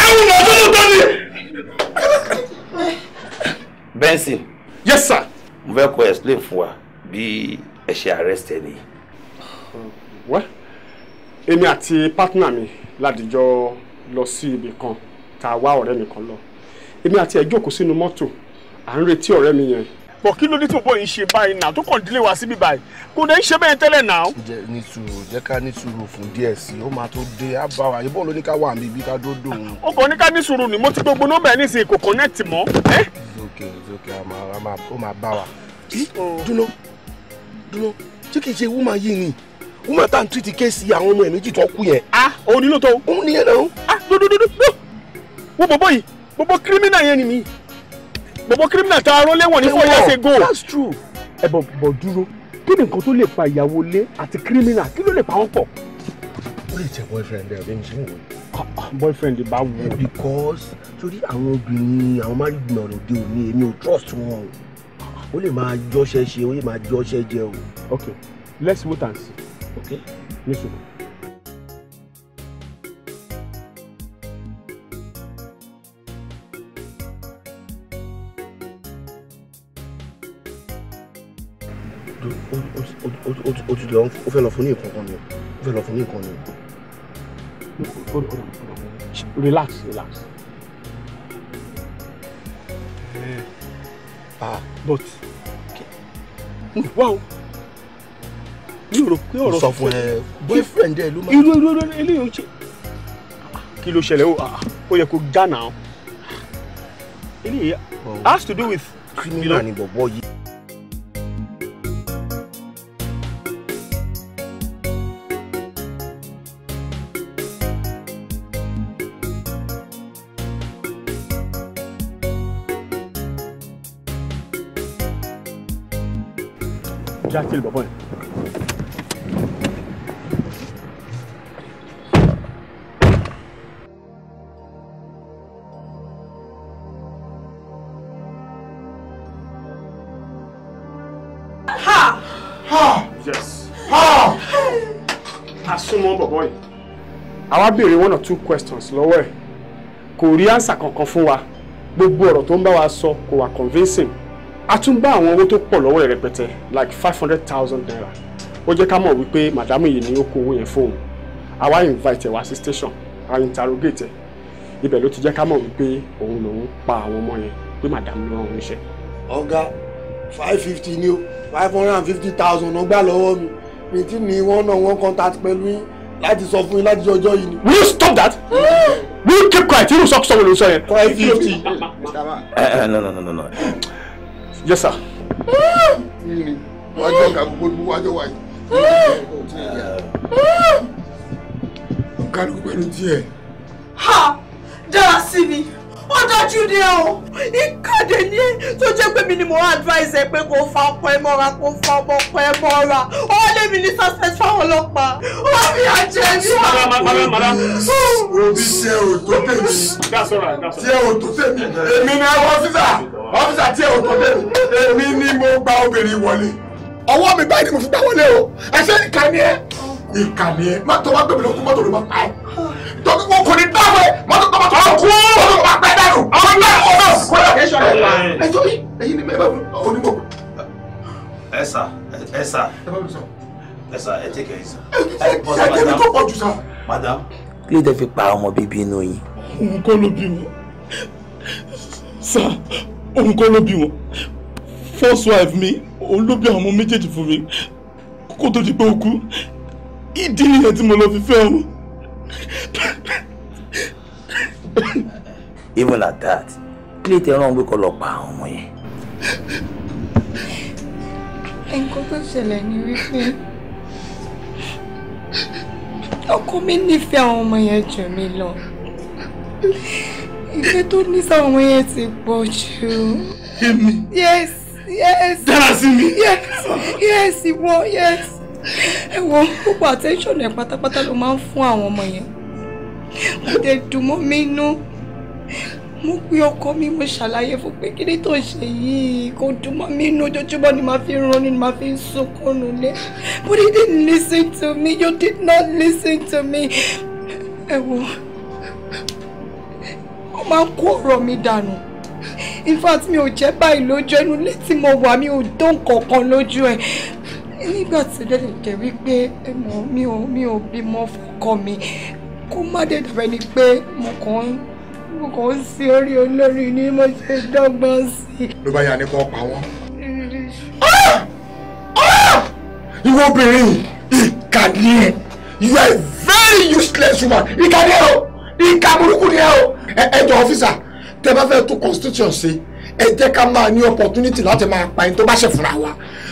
ẹ̀wù náà tó ló tán ni. Benson. yes sir. mo fẹ́ kó explain fún wa bí ẹ ṣe arrest ẹ nìyí wẹ́ èmi àti pátánà mi ládìjọ lọ sí ibì kan tá a wá ọ̀rẹ́ mi kan lọ èmi àti ẹ̀ jókòó sínú mọ́tò à ń retí ọ̀rẹ́ mi yẹn bọ̀ kí ló dé tí mo bọ̀ yìí ṣe báyìí náà tó kàn dílé wa síbí báyìí kò dé ń ṣe bẹ́ẹ̀ tẹ́lẹ̀ náà. jẹ́ ní sùúrù jẹ́ ká ní sùúrù fún díẹ̀ sí i ó máa tó dé á bá wa ìbọn ló ní ká wà mí bí ká dó dòun. ó kàn ní ká ní sùúrù ni mo ti gbogbo nọ́mbà ẹ nísìnyí kò kọ́nẹ́ẹ̀tì mọ́. ok ok ó máa bá wa. dúró oh. dúró ṣé kìí ṣe wúmà yìí ni woman tan treat kéèsì àwọn ọmọ ẹ̀ méjì tó kú yẹn. a ah, òun ni lóòótọ́ òun nìyẹn náà. a dúdú dúdú dúdú wo bọ̀bọ̀ yìí bọ̀bọ̀ kírímínà yẹn ni mí bọ̀bọ̀ kírímínà tá a rán léwọ̀n ní four years ago. that's true. ẹ bọ̀ bọ̀ dúró kí ni nǹkan tó lè pa ìyàwó lé àti kírímínà kí ló lè pa wọ́n pọ̀. ó lè jẹ́ boyfriend ẹ̀ bẹ́ẹ̀ ni ah, ah, boyfriend bá wù. because torí àwọn obìnrin àwọn married men òde òní èmi ò trust wọn o ó lè máa jọ́ṣẹ́ ṣe ó lè máa okay let's wait and see okay níṣù. o ti lọ o fẹ́ lọ fún ní nǹkan kan ni o fẹ́ lọ fún ní nǹkan ni o. relax relax. ah but. wá o mi ò rò pé ọ̀rọ̀ sọ fún ẹ boyfriend ẹ ló máa. irú irú eléyìí ó ṣe kí ló ṣẹlẹ̀ ah, ó yẹ kó já náà eléyìí has to do with. criminal ni bọ̀bọ̀ yìí. jákèjì bọ̀bọ̀ yìí. bọ̀bọ̀ yìí àwa béèrè one or two questions lọ́wọ́ ẹ̀ kò rí answer kankan fún wa gbogbo ọ̀rọ̀ tó ń bá wa sọ kò wà convincing a tún bá àwọn owó tó pọ̀ lọ́wọ́ ẹ̀ rẹpẹtẹ like five hundred thousand naira ó jẹ́ ká mọ̀ wípé màdámù yìí ni ó kó owó yẹn fóun àwa invite ẹ̀ wá sí station a interrogate ẹ̀ ibẹ̀ ló ti jẹ́ ká mọ̀ wípé òun lòun pa àwọn ọmọ yẹn pé màdámù ló ń ṣe. ọ̀gá five fifty ni o five hundred and fifty thousand ọgbà lọ́wọ́ mi mi ti ní wọ́n náà wọ́n contact pẹ̀lú yín láti sọ fún yín láti ọjọ́ yìí ni. will you stop that? will you keep quiet? irú sọ́kùsọ́ wo ló ń sọ yẹn. five fifty. Eh, eh, no no no no. yes sir. wájú ọ̀gá gbogbo wájú wáyé. ọ̀gá ló gbẹ́nu díẹ̀. ha dára sí mi ó dájú ni ẹ o ìkàdé ni ẹ tó jẹ́ pé mi ni mo advise ẹ pé kò fa ọkọ ẹ mọ́ra kò fa ọmọ ọkọ ẹ mọ́ra ó lé mi ní success fáwọn ọlọ́pàá ó fi àjẹ ní wa. mara mara mara. obi ṣe o tó tèmi ṣe o tó tèmi èmi ni ọ́fíìsà ọ́fíìsà tí o tó tèmi èmi ni mo gba obìnrin wọlé ọwọ́ mi báyìí ni mo fi gbà wọlé o ẹ ṣe ìkànnì ẹ ìkànnì ẹ má tọ́ wá gbẹ̀mí lókun mọ́tò ló má pa ẹ tọ́ kí wọ́n kò ní dáwọ́ ẹ mọ́tò tó bá tọ́ ọ kú mọ́tò tó bá pẹ́ àwọn ìgbà kọ́ náà kọ́lá kẹ́ sọ̀rọ̀ ẹ̀ ẹ̀ tó yí ẹ̀yin ni mẹ́fà onímọ̀. ẹ sà ẹ sà ẹ sà ẹ tẹ́ kẹ́ ẹ sà. ẹ jẹ́ mi tó pọ̀ jù sà. madam. kí ló dé fi pa ọmọ bíbí inú yín. òun kọ́ ló bí wọn sà òun kọ́ ló bí wọn first wife mi òun ló bí àwọn ọmọ méjèèjì fún mi kó tó di pé ó kú ìdí nìyẹn tí mo lọ fi fẹ́ wọn even at that kí lè tẹ ẹran pé kó lọ pa àwọn ọmọ yẹn. nǹkan tó ṣẹlẹ̀ ni wípé ọkọ mi nífẹ̀ẹ́ àwọn ọmọ yẹn jù mí lọ ìfẹ́ tó ní sáwọn ọmọ yẹn ti pọ̀ jù. èmi. yes yes. dára sí mi. yes yes ìwọ yes ẹ̀wọ̀n gbogbo attention ẹ̀ pátápátá ló máa ń fún àwọn ọmọ yẹn kò dé dùn mọ́ mi nú mo pe ọkọ mi mo ṣàlàyé fún pé kí ni tó ṣe yìí kò dùn mọ́ mi inú ojoojúmọ́ ni màá fi ràn ni màá fi ń sunkún nulẹ̀ but you didn't listen to me you did not listen to me ẹ wo ó máa kó ọ̀rọ̀ mi dànù in fact mi ò jẹ́ báyìí lójú ẹnu létí mo wà mi ò dán kankan lójú ẹ nígbà tí lẹ́yìn jẹ́ wípé mi mi ò bímọ fún ọkọ mi kó má dé dàbẹ́ ni pé mo kàn ń mo kàn ń sí orí olórí ni mo ṣe dọ́gbọ́n sí. ló bá yà ní kó pa wọ́n. Ah! Ah! ìwọ obìnrin ìkà ni ẹ you are a very useless woman ìkà ẹ o ìkà burúkú ni ẹ o ẹ jọ ọ́fíìsà tẹ bá fẹ́ tún constitution ṣe ẹ jẹ́ ká máa ní opportunity láti máa pa ẹni tó bá ṣe fúnra wa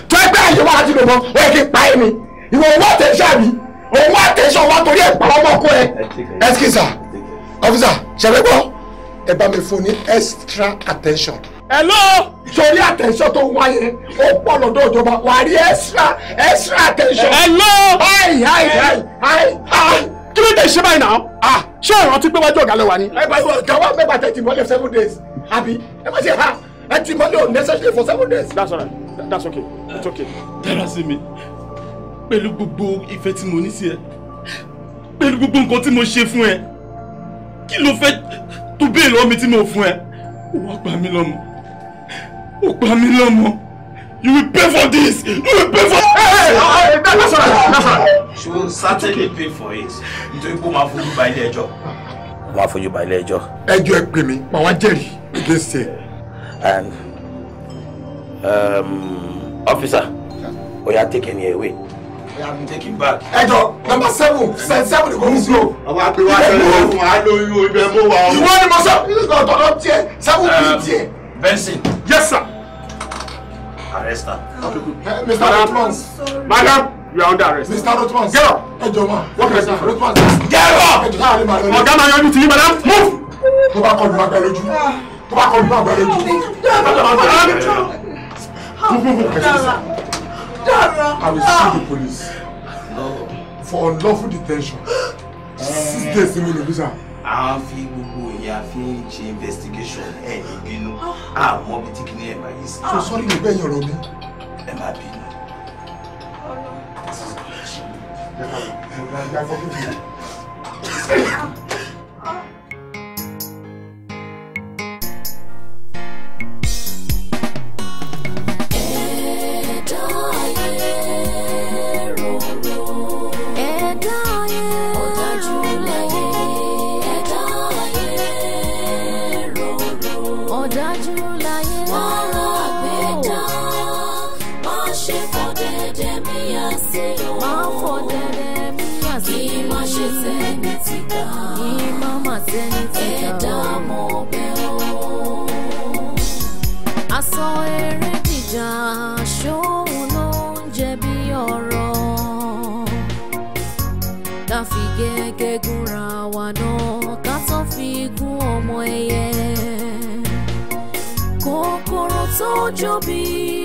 tó ẹgbẹ́ àyè wa àti lòmọ́ ó yẹ kí n pa ẹ ni ìwọ owó àtẹ̀ṣẹ́ àbí owó àtẹ̀ṣẹ́ wa torí ẹ̀ pa ọmọ kó ẹ ẹ kí sà ọ́fíìsà ṣẹlẹ̀ gbọ́ ẹ bá mi fún ní extra attention. hello. sori attention tó ń wá yẹn ó pọ̀ lọ́dọ̀ ìjọba wà á rí extra extra attention. hello. hi hi hi hi. kí ló dé ṣe báyìí náà. Ah. ṣé ìrántí pé wájú ọ̀gá ló wà ní. ẹ bá yọ ọ̀gá wa mẹ́gbàá tẹ̀ tìmọ́lẹ̀ seven days àbí ẹ má ṣe ha ẹ tìmọ́lẹ̀ unnecessary for seven days. that's all right that's okay it's okay. dára sí mi pẹ̀lú gbogbo ìfẹ́ tí mo ní sí ẹ pẹ̀lú gbogbo nǹkan tí mo ṣe fún ẹ kí ló fẹ́ tó bẹ́ẹ̀ lọ́wọ́ mi tí mo fún ẹ ó wá pa mí lọ́mọ ó pa mí lọ́mọ you will pay for this you will pay for. ẹ ẹ that's all right that's all right. she will certainly pay for it nítorí pé ó máa fojú ba ilé ẹjọ́. ó máa fojú ba ilé ẹjọ́. ẹjọ́ ẹ pè mí màá wá jẹ́rìí against ẹ. and um, officer oya take any away. I am taking back. ẹ jọ nọmba seven sẹ seven kò ń sùn. àwọn àgbẹ̀wò àtẹ̀lẹ́ fún wa lóyún ibẹ̀ mú wa. ìwọ ni mo sọ ìlúkọ̀ tọ̀dọ̀ tiẹ̀ seven bíi um, tiẹ̀. Benson. yes sir. arrest her. Uh, Mr. Rotmans. madam you are under arrest. Mr. Rotmans. get up. ẹ ma. what can I Rotmans. get up. ẹ jọ sáà ni lọ. ọ̀gá máa yọjú tì madam move. tó bá kọlu àgbà lójú tó bá kọlu àgbà lójú. tó bá kọlu àgbà lójú ọ̀daràn. I will sue the ah! police for unlawful detention six eh. days ni mo lò visa. a fi gbogbo ìyá fi ń ṣe investigation ẹ ní bínú àmọ́ ah. bí tí kìnìún ẹ̀ máa yí sí. so ah. sorry nígbà ẹ̀yìn ọ̀rọ̀ mi. ẹ má bínú. ọ̀nà. You'll be?